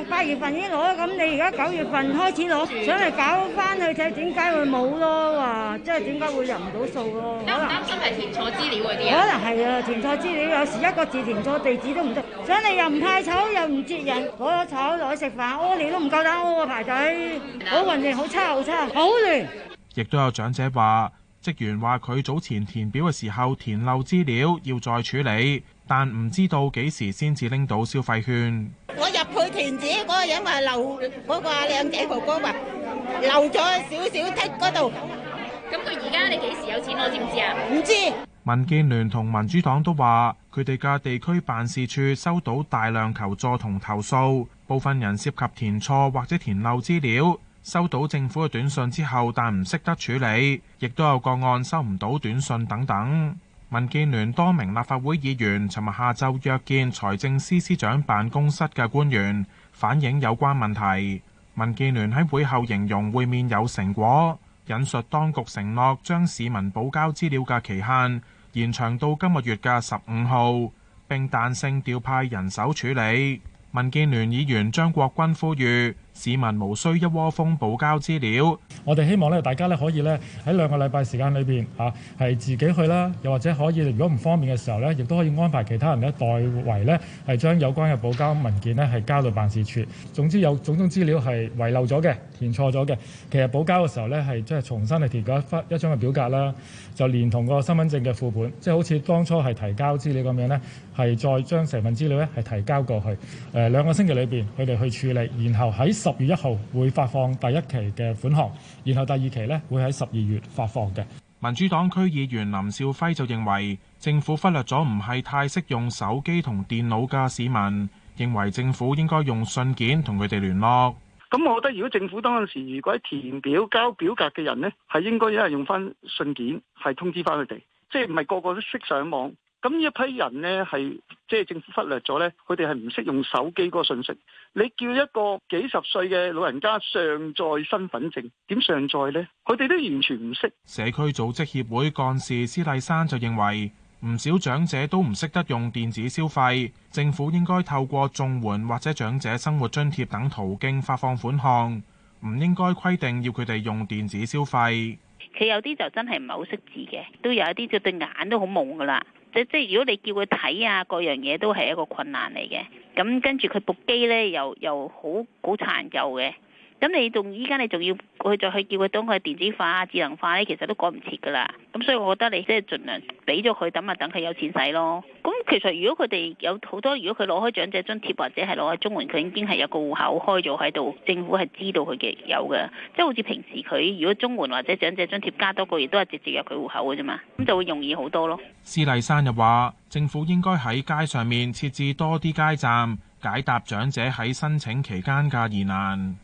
嘛，八月份已經攞，咁你而家九月份開始攞，想嚟搞翻去睇，點解、就是、會冇咯？即係點解會入唔到數咯？可能擔心係填錯資料嗰啲可能係啊，填錯資料有時一個字填錯地址都唔得。想嚟又唔派籌又唔接人，攞咗籌攞嚟食飯，我嚟都唔夠膽，我個排隊好混亂，好差，好差，好亂。好亦都有長者話，職員話佢早前填表嘅時候填漏資料，要再處理，但唔知道幾時先至拎到消費券。我入去填字嗰、嗰個人話留嗰、嗰個靚仔哥哥話漏咗少少剔嗰度。咁佢而家你幾時有錢我知唔知啊？唔知。民建聯同民主黨都話，佢哋嘅地區辦事處收到大量求助同投訴，部分人涉及填錯或者填漏資料。收到政府嘅短信之後，但唔識得處理，亦都有個案收唔到短信等等。民建聯多名立法會議員尋日下晝約見財政司司長辦公室嘅官員反映有關問題。民建聯喺會後形容會面有成果，引述當局承諾將市民補交資料嘅期限延長到今個月嘅十五號，並彈性調派人手處理。民建聯議員張國軍呼籲。市民無需一窩蜂補交資料。我哋希望咧，大家咧可以咧喺兩個禮拜時間裏邊啊，係自己去啦，又或者可以，如果唔方便嘅時候咧，亦都可以安排其他人咧代為咧係將有關嘅補交文件咧係交到辦事處。總之有種種資料係遺漏咗嘅、填錯咗嘅，其實補交嘅時候咧係即係重新嚟填過一忽一張嘅表格啦，就連同個身份證嘅副本，即係好似當初係提交資料咁樣咧，係再將成份資料咧係提交過去。誒兩個星期裏邊佢哋去處理，然後喺。十月一號會發放第一期嘅款項，然後第二期呢會喺十二月發放嘅。民主黨區議員林少輝就認為政府忽略咗唔係太識用手機同電腦嘅市民，認為政府應該用信件同佢哋聯絡。咁我覺得如果政府當時如果係填表交表格嘅人呢，係應該一係用翻信件係通知翻佢哋，即係唔係個個都識上網。咁一批人呢，係即係政府忽略咗呢，佢哋係唔識用手機嗰個信息。你叫一個幾十歲嘅老人家上載身份證點上載呢？佢哋都完全唔識。社區組織協會幹事施麗珊就認為，唔少長者都唔識得用電子消費，政府應該透過綜援或者長者生活津貼等途徑發放款項，唔應該規定要佢哋用電子消費。佢有啲就真係唔係好識字嘅，都有一啲佢對眼都好蒙噶啦。即即，係，如果你叫佢睇啊，各樣嘢都係一個困難嚟嘅。咁跟住佢部機咧，又又好好殘舊嘅。咁你仲依家，你仲要佢再去叫佢當佢電子化、智能化咧，其實都趕唔切噶啦。咁所以我覺得你即係盡量俾咗佢，等啊等佢有錢使咯。咁其實如果佢哋有好多，如果佢攞開長者津貼或者係攞開綜援，佢已經係有個戶口開咗喺度，政府係知道佢嘅有嘅。即係好似平時佢如果綜援或者長者津貼加多個月，都係直接入佢戶口嘅啫嘛，咁就會容易好多咯。施麗珊又話政府應該喺街上面設置多啲街站，解答長者喺申請期間嘅疑難。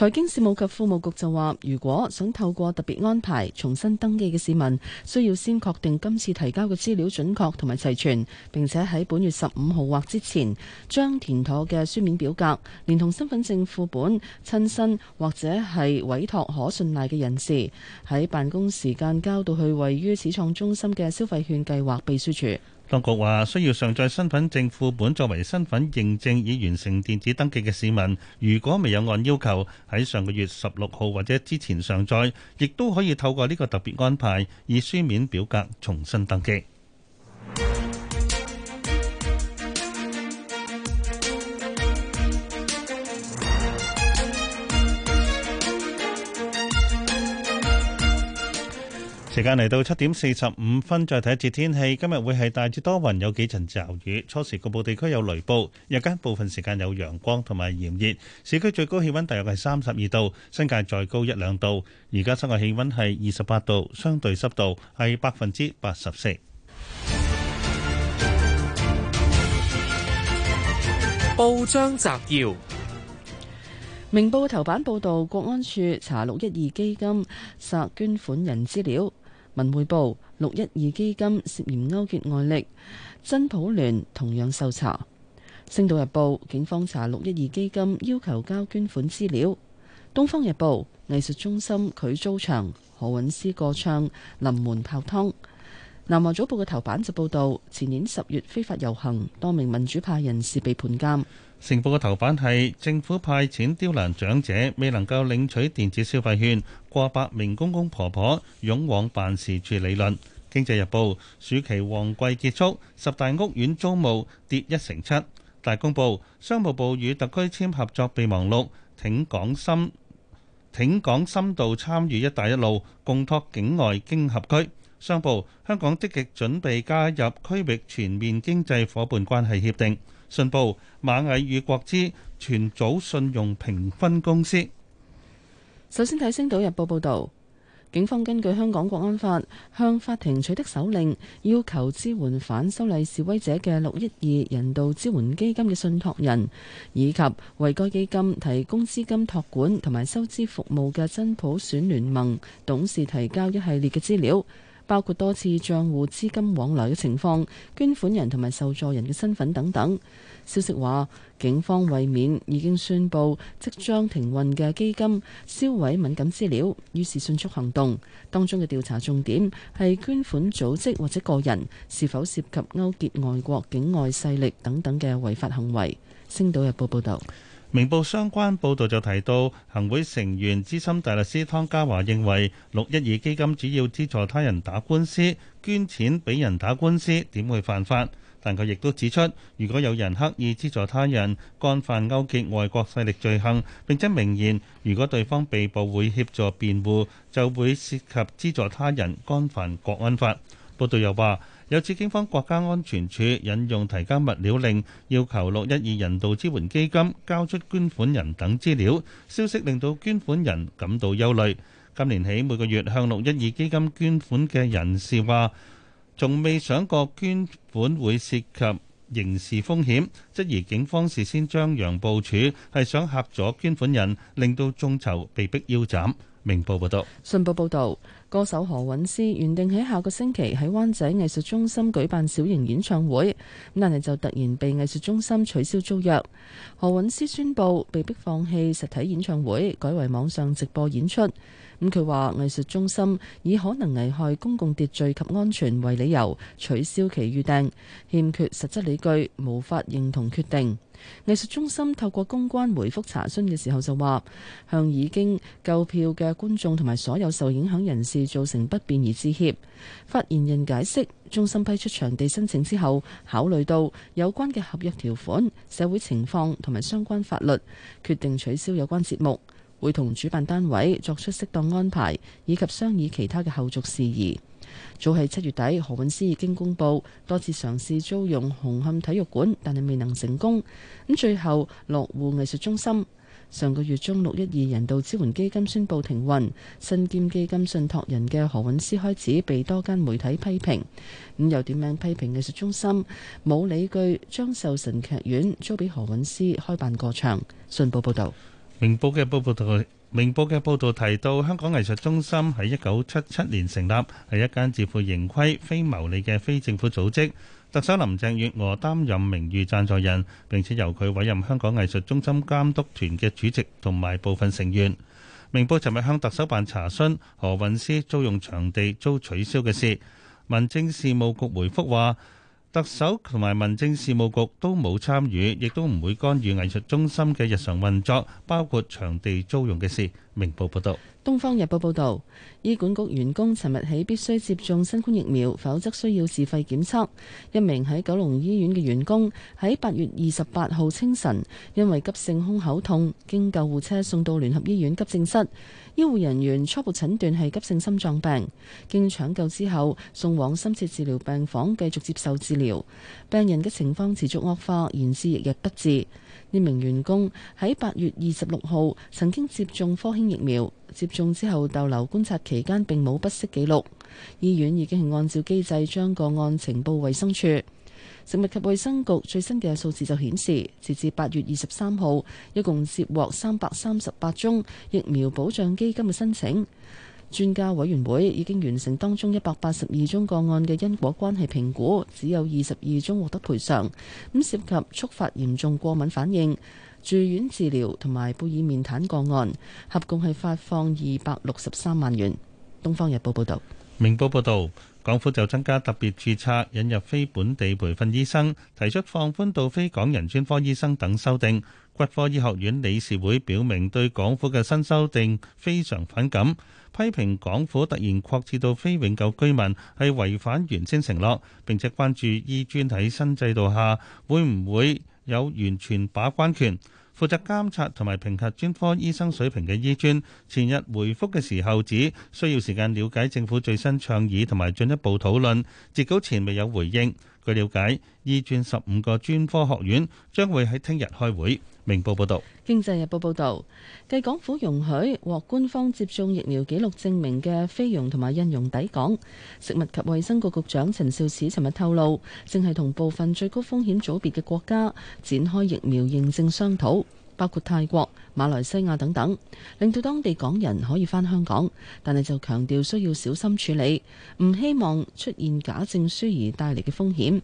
財經事務及庫務局就話，如果想透過特別安排重新登記嘅市民，需要先確定今次提交嘅資料準確同埋齊全，並且喺本月十五號或之前，將填妥嘅書面表格，連同身份證副本、親身或者係委託可信賴嘅人士，喺辦公時間交到去位於始創中心嘅消費券計劃秘書處。當局話，需要上載身份證副本作為身份認證，已完成電子登記嘅市民，如果未有按要求喺上個月十六號或者之前上載，亦都可以透過呢個特別安排，以書面表格重新登記。時間嚟到七點四十五分，再睇一次天氣。今日會係大致多雲，有幾陣驟雨。初時局部地區有雷暴，日間部分時間有陽光同埋炎熱。市區最高氣温大約係三十二度，新界再高一兩度。而家室外氣温係二十八度，相對濕度係百分之八十四。報章摘要：明報頭版報道，國安處查六一二基金，索捐款人資料。文匯報：六一二基金涉嫌勾結外力，真普聯同樣受查。星島日報：警方查六一二基金要求交捐款資料。東方日報：藝術中心拒租場，何韻詩歌唱臨門泡湯。南華早報嘅頭版就報道：前年十月非法遊行，多名民主派人士被判監。成報嘅頭版係政府派錢刁難長者，未能夠領取電子消費券，過百名公公婆婆湧往辦事處理論。經濟日報暑期旺季結束，十大屋苑租務跌一成七。大公報商務部與特區簽合作備忘錄，挺港深挺港深度參與一帶一路，共拓境外經合區。商報香港積極準備加入區域全面經濟伙伴關係協定。信報螞蟻與國資全組信用評分公司。首先睇《星島日報》報導，警方根據香港國安法向法庭取得手令，要求支援反修例示威者嘅六一二人道支援基金嘅信託人，以及為該基金提供資金託管同埋收支服務嘅真普選聯盟董事提交一系列嘅資料。包括多次賬戶資金往來嘅情況、捐款人同埋受助人嘅身份等等。消息話，警方為免已經宣布即將停運嘅基金銷毀敏感資料，於是迅速行動。當中嘅調查重點係捐款組織或者個人是否涉及勾結外國境外勢力等等嘅違法行為。《星島日報》報道。明報相關報導就提到，行會成員資深大律師湯家驊認為，六一二基金主要資助他人打官司，捐錢俾人打官司，點會犯法？但佢亦都指出，如果有人刻意資助他人干犯勾結外國勢力罪行，並且明言，如果對方被捕會協助辯護，就會涉及資助他人干犯國安法。報導又話：有次警方國家安全處引用提交物料令，要求六一二人道支援基金交出捐款人等資料，消息令到捐款人感到憂慮。今年起每個月向六一二基金捐款嘅人士話，從未想過捐款會涉及刑事風險，質疑警方事先張揚部署係想嚇咗捐款人，令到眾籌被逼腰斬。明報報道。信報報導。歌手何韻詩原定喺下個星期喺灣仔藝術中心舉辦小型演唱會，咁但係就突然被藝術中心取消租約，何韻詩宣布被迫放棄實體演唱會，改為網上直播演出。咁佢話：藝術中心以可能危害公共秩序及安全為理由取消其預定，欠缺實質理據，無法認同決定。藝術中心透過公關回覆查詢嘅時候就話向已經購票嘅觀眾同埋所有受影響人士造成不便而致歉。發言人解釋，中心批出場地申請之後，考慮到有關嘅合約條款、社會情況同埋相關法律，決定取消有關節目，會同主辦單位作出適當安排，以及商議其他嘅後續事宜。早喺七月底，何韻詩已經公布多次嘗試租用紅磡體育館，但係未能成功。咁最後落戶藝術中心。上個月中六一二人道支援基金宣布停運，身兼基金信託人嘅何韻詩開始被多間媒體批評。咁又點名批評藝術中心冇理據將壽臣劇院租俾何韻詩開辦個場。信報報道，明報嘅報報道明報嘅報導提到，香港藝術中心喺一九七七年成立，係一間自負盈虧、非牟利嘅非政府組織。特首林鄭月娥擔任名譽贊助人，並且由佢委任香港藝術中心監督團嘅主席同埋部分成員。明報尋日向特首辦查詢何韻詩租用場地遭取消嘅事，民政事務局回覆話。特首同埋民政事務局都冇參與，亦都唔會干預藝術中心嘅日常運作，包括場地租用嘅事。明報報道。《東方日報》報導，醫管局員工尋日起必須接種新冠疫苗，否則需要自費檢測。一名喺九龍醫院嘅員工喺八月二十八號清晨因為急性胸口痛，經救護車送到聯合醫院急症室。醫護人員初步診斷係急性心臟病，經搶救之後送往深切治療病房繼續接受治療。病人嘅情況持續惡化，延至日日不治。呢名員工喺八月二十六號曾經接種科興疫苗，接種之後逗留觀察期間並冇不適記錄。醫院已經係按照機制將個案呈報衛生署。食物及衛生局最新嘅數字就顯示，截至八月二十三號，一共接獲三百三十八宗疫苗保障基金嘅申請。專家委員會已經完成當中一百八十二宗個案嘅因果關係評估，只有二十二宗獲得賠償。咁涉及觸發嚴重過敏反應、住院治療同埋貝爾面癱個案，合共係發放二百六十三萬元。《東方日報》報道。《明報》報道。港府就增加特別註冊、引入非本地培訓醫生、提出放寬到非港人專科醫生等修訂。骨科醫學院理事會表明對港府嘅新修訂非常反感，批評港府突然擴設到非永久居民係違反原先承諾，並且關注醫專喺新制度下會唔會有完全把關權。負責監察同埋評核專科醫生水平嘅醫專，前日回覆嘅時候指需要時間了解政府最新倡議同埋進一步討論，截稿前未有回應。據了解，醫專十五個專科學院將會喺聽日開會。明報報道，經濟日報報道，繼港府容許獲官方接種疫苗記錄證明嘅菲傭同埋印傭抵港，食物及衛生局局長陳肇始尋日透露，正係同部分最高風險組別嘅國家展開疫苗認證商討。包括泰國、馬來西亞等等，令到當地港人可以翻香港，但係就強調需要小心處理，唔希望出現假證書而帶嚟嘅風險。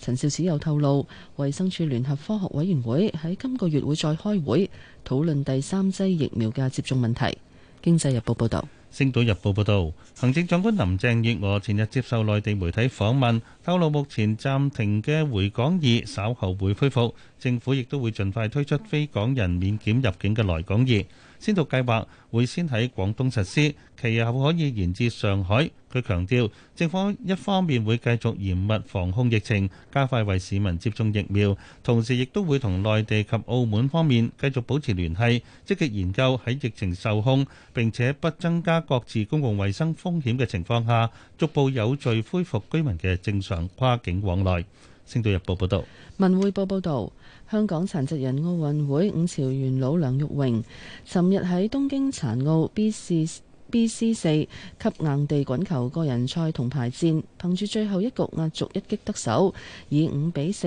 陳肇始又透露，衛生署聯合科學委員會喺今個月會再開會討論第三劑疫苗嘅接種問題。經濟日報報道。星島日報報道，行政長官林鄭月娥前日接受內地媒體訪問，透露目前暫停嘅回港易稍後會恢復，政府亦都會盡快推出非港人免檢入境嘅來港易。先導計劃會先喺廣東實施，其後可以延至上海。佢強調，政府一方面會繼續嚴密防控疫情，加快為市民接種疫苗，同時亦都會同內地及澳門方面繼續保持聯繫，積極研究喺疫情受控並且不增加各自公共衛生風險嘅情況下，逐步有序恢復居民嘅正常跨境往來。星島日報報，報報道。文匯報報導。香港殘疾人奧運會五朝元老梁玉榮，尋日喺東京殘奧 B C 四級硬地滾球個人賽銅牌戰，憑住最後一局壓軸一擊得手，以五比四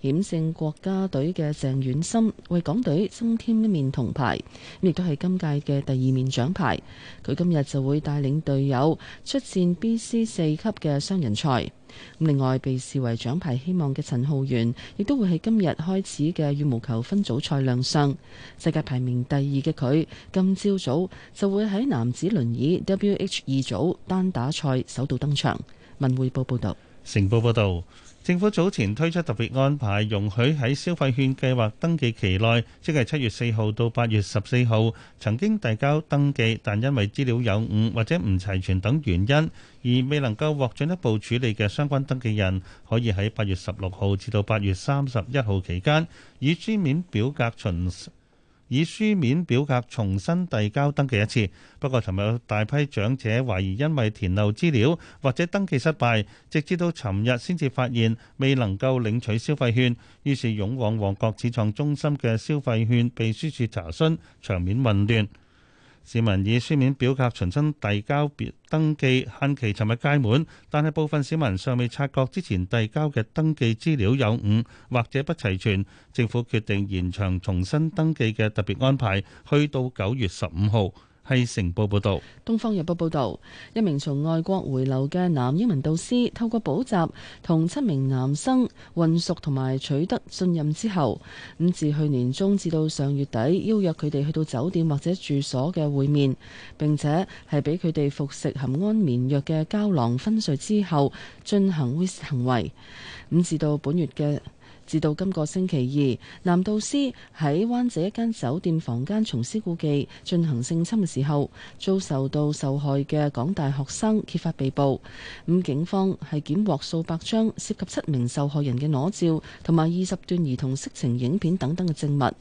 險勝國家隊嘅鄭遠森，為港隊增添一面銅牌，亦都係今屆嘅第二面獎牌。佢今日就會帶領隊友出戰 B C 四級嘅雙人賽。另外，被視為獎牌希望嘅陳浩源，亦都會喺今日開始嘅羽毛球分組賽亮相。世界排名第二嘅佢，今朝早就會喺男子輪椅 WH 二組單打賽首度登場。文匯報報道，成報報道。政府早前推出特別安排，容許喺消費券計劃登記期內，即係七月四號到八月十四號，曾經遞交登記，但因為資料有誤或者唔齊全等原因而未能夠獲進一步處理嘅相關登記人，可以喺八月十六號至到八月三十一號期間，以書面表格巡。以書面表格重新遞交登記一次，不過尋日有大批長者懷疑因為填漏資料或者登記失敗，直至到尋日先至發現未能夠領取消費券，於是湧往旺角始創中心嘅消費券秘書處查詢，場面混亂。市民以書面表格重新遞交登記，限期尋日屆滿，但係部分市民尚未察覺之前遞交嘅登記資料有誤或者不齊全，政府決定延長重新登記嘅特別安排，去到九月十五號。《星報》報道，《東方日報》報道，一名從外國回流嘅男英文導師，透過補習同七名男生混熟，同埋取得信任之後，咁自去年中至到上月底邀約佢哋去到酒店或者住所嘅會面，並且係俾佢哋服食含安眠藥嘅膠囊，昏睡之後進行猥褻行為。咁至到本月嘅。至到今個星期二，男導師喺灣仔一間酒店房間重施故技進行性侵嘅時候，遭受到受害嘅港大學生揭發被捕。咁警方係檢獲數百張涉及七名受害人嘅裸照，同埋二十段兒童色情影片等等嘅證物。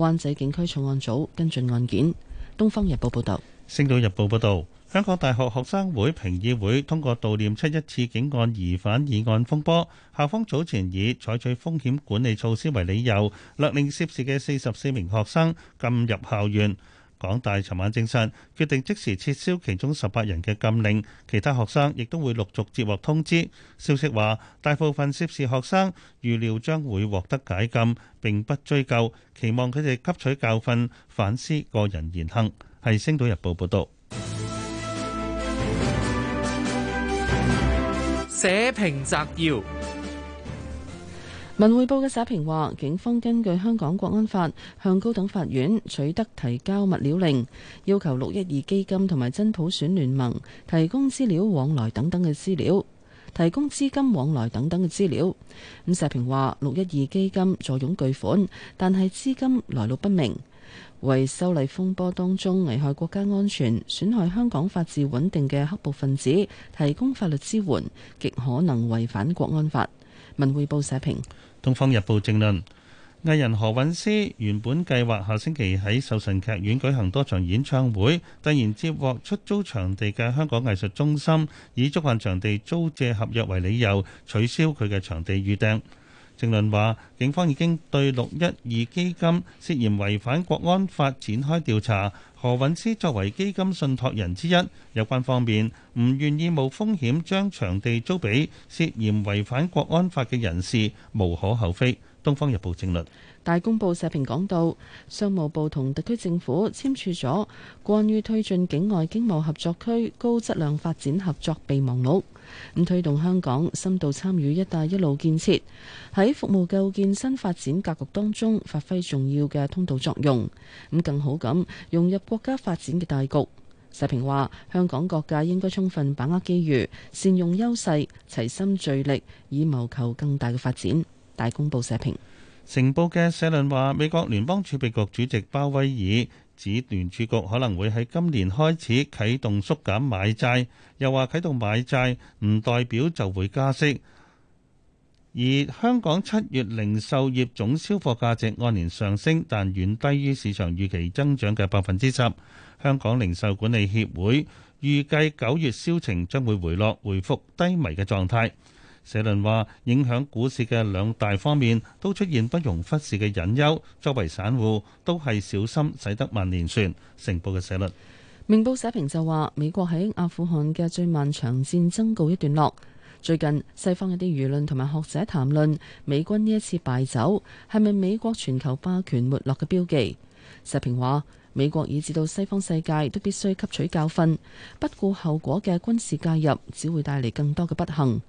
灣仔警區重案組跟進案件。《東方日報》報道，《星島日報》報道。香港大學學生會評議會通過悼念七一刺警案疑犯議案風波，校方早前以採取風險管理措施為理由，勒令涉事嘅四十四名學生禁入校園，港大尋晚證實決定即時撤銷其中十八人嘅禁令，其他學生亦都會陸續接獲通知。消息話大部分涉事學生預料將會獲得解禁，並不追究，期望佢哋吸取教訓反思個人言行。係星島日報報道。社評摘要：文匯報嘅社評話，警方根據香港國安法向高等法院取得提交物料令，要求六一二基金同埋真普選聯盟提供資料往來等等嘅資料，提供資金往來等等嘅資料。咁社評話，六一二基金坐擁巨款，但係資金來路不明，為修例風波當中危害國家安全、損害香港法治穩定嘅黑暴分子提供法律支援，極可能違反國安法。文匯報社評，《東方日報》正論：藝人何韻詩原本計劃下星期喺壽臣劇院舉行多場演唱會，突然接獲出租場地嘅香港藝術中心以觸犯場地租借合約為理由，取消佢嘅場地預訂。正論話，警方已經對六一二基金涉嫌違反國安法展開調查。何韻詩作為基金信託人之一，有關方面唔願意冒風險將場地租俾涉嫌違反國安法嘅人士，無可厚非。東方日報正論。大公報社評講到，商務部同特區政府簽署咗關於推進境外經貿合作區高質量發展合作備忘錄。咁推動香港深度參與“一帶一路”建設，喺服務構建新發展格局當中發揮重要嘅通道作用。咁更好咁融入國家發展嘅大局。社評話：香港各界應該充分把握機遇，善用優勢，齊心聚力，以謀求更大嘅發展。大公報社評。成報嘅社論話：美國聯邦儲備局主席鮑威爾。指聯儲局可能會喺今年開始啟動縮減買債，又話啟動買債唔代表就會加息。而香港七月零售業總銷貨價值按年上升，但遠低於市場預期增長嘅百分之十。香港零售管理協會預計九月銷情將會回落，回復低迷嘅狀態。社論話，影響股市嘅兩大方面都出現不容忽視嘅隱憂，作為散戶都係小心使得萬年船。成報嘅社論，明報社評就話，美國喺阿富汗嘅最漫長戰爭告一段落。最近西方一啲輿論同埋學者談論美軍呢一次敗走係咪美國全球霸權沒落嘅標記？社評話，美國以至到西方世界都必須吸取教訓，不顧後果嘅軍事介入只會帶嚟更多嘅不幸。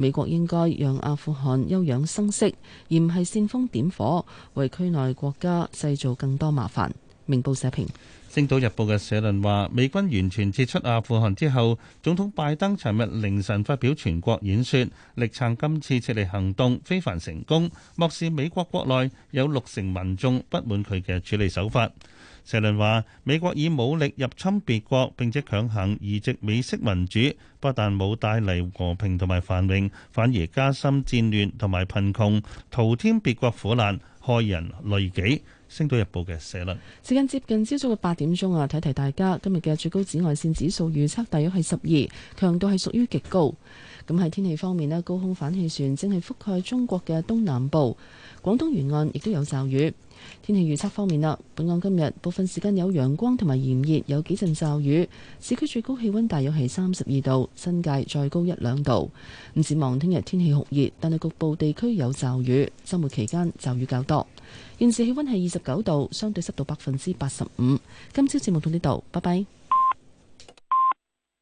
美國應該讓阿富汗休養生息，而唔係煽風點火，為區內國家製造更多麻煩。明報社評。《星島日報》嘅社論話：美軍完全撤出阿富汗之後，總統拜登尋日凌晨發表全國演說，力撐今次撤離行動非凡成功，漠視美國國內有六成民眾不滿佢嘅處理手法。社論話：美國以武力入侵別國，並且強行移植美式民主，不但冇帶嚟和平同埋繁榮，反而加深戰亂同埋貧窮，徒添別國苦難，害人累己。《星島日報》嘅社論。時間接近朝早嘅八點鐘啊，提提大家今日嘅最高紫外線指數預測大約係十二，強度係屬於極高。咁喺天氣方面呢，高空反氣旋正係覆蓋中國嘅東南部，廣東沿岸亦都有驟雨。天氣預測方面啦，本港今日部分時間有陽光同埋炎熱，有幾陣驟雨，市區最高氣溫大約係三十二度，新界再高一兩度。唔指望聽日天氣酷熱，但係局部地區有驟雨，周末期間驟雨較多。現時氣溫係二十九度，相對濕度百分之八十五。今朝節目到呢度，拜拜。